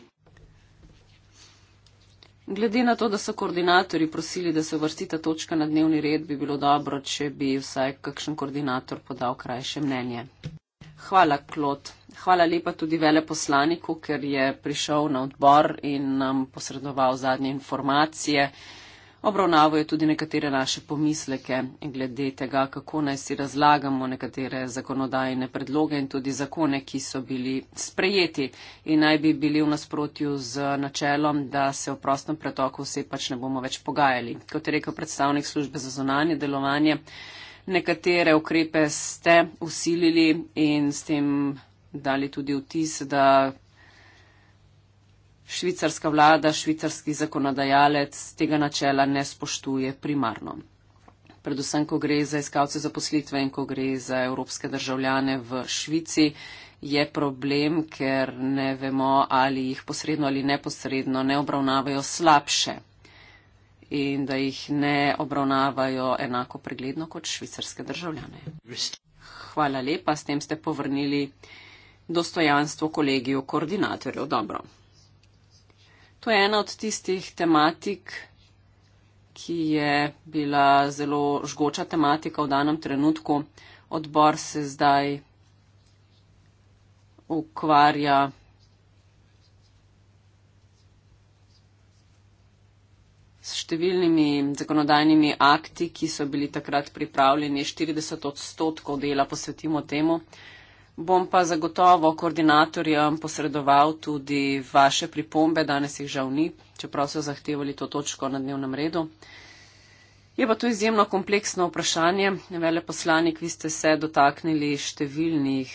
Glede na to, da so koordinatorji prosili, da se vrsti ta točka na dnevni red, bi bilo dobro, če bi vsaj kakšen koordinator podal krajše mnenje. Hvala, Klot. Hvala lepa tudi veleposlaniku, ker je prišel na odbor in nam posredoval zadnje informacije obravnavajo tudi nekatere naše pomisleke glede tega, kako naj si razlagamo nekatere zakonodajne predloge in tudi zakone, ki so bili sprejeti in naj bi bili v nasprotju z načelom, da se o prostem pretoku vse pač ne bomo več pogajali. Kot je rekel predstavnik službe za zonanje delovanje, nekatere ukrepe ste usilili in s tem dali tudi vtis, da švicarska vlada, švicarski zakonodajalec tega načela ne spoštuje primarno. Predvsem, ko gre za iskalce zaposlitve in ko gre za evropske državljane v Švici, je problem, ker ne vemo, ali jih posredno ali neposredno ne obravnavajo slabše in da jih ne obravnavajo enako pregledno kot švicarske državljane. Hvala lepa, s tem ste povrnili dostojanstvo kolegiju koordinatorjev. Dobro. To je ena od tistih tematik, ki je bila zelo žgoča tematika v danem trenutku. Odbor se zdaj ukvarja s številnimi zakonodajnimi akti, ki so bili takrat pripravljeni. 40 odstotkov dela posvetimo temu, Bom pa zagotovo koordinatorjem posredoval tudi vaše pripombe, danes jih žal ni, čeprav so zahtevali to točko na dnevnem redu. Je pa to izjemno kompleksno vprašanje. Vele poslanik, vi ste se dotaknili številnih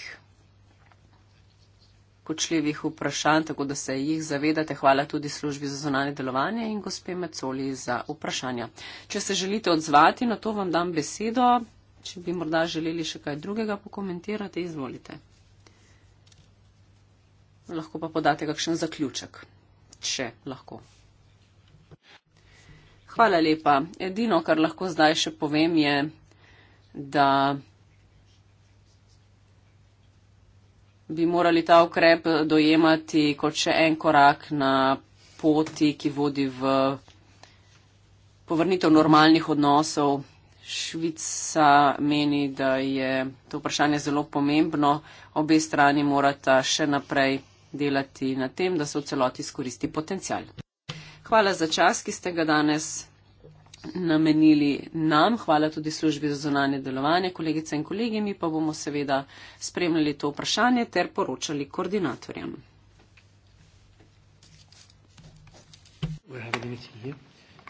počljivih vprašanj, tako da se jih zavedate. Hvala tudi službi za zonanje delovanje in gospe Mecoli za vprašanja. Če se želite odzvati, na to vam dam besedo. Če bi morda želeli še kaj drugega pokomentirati, izvolite. Lahko pa podate kakšen zaključek, če lahko. Hvala lepa. Edino, kar lahko zdaj še povem, je, da bi morali ta ukrep dojemati kot še en korak na poti, ki vodi v povrnitev normalnih odnosov Švica meni, da je to vprašanje zelo pomembno. Obe strani morata še naprej delati na tem, da se v celoti skoristi potencial. Hvala za čas, ki ste ga danes namenili nam. Hvala tudi službi za zonanje delovanje, kolegice in kolegi. Mi pa bomo seveda spremljali to vprašanje ter poročali koordinatorjem.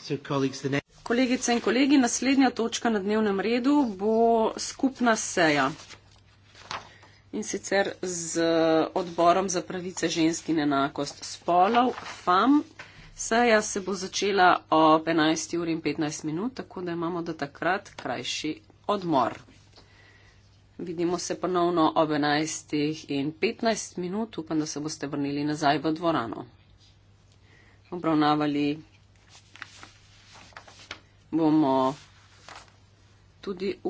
So colleagues, the next. Kolegice in kolegi, naslednja točka na dnevnem redu bo skupna seja in sicer z odborom za pravice žensk in enakost spolov FAM. Seja se bo začela ob 11. uri in 15 minut, tako da imamo do takrat krajši odmor. Vidimo se ponovno ob 11. in 15 minut, upam, da se boste vrnili nazaj v dvorano. Obravnavali bomo tudi v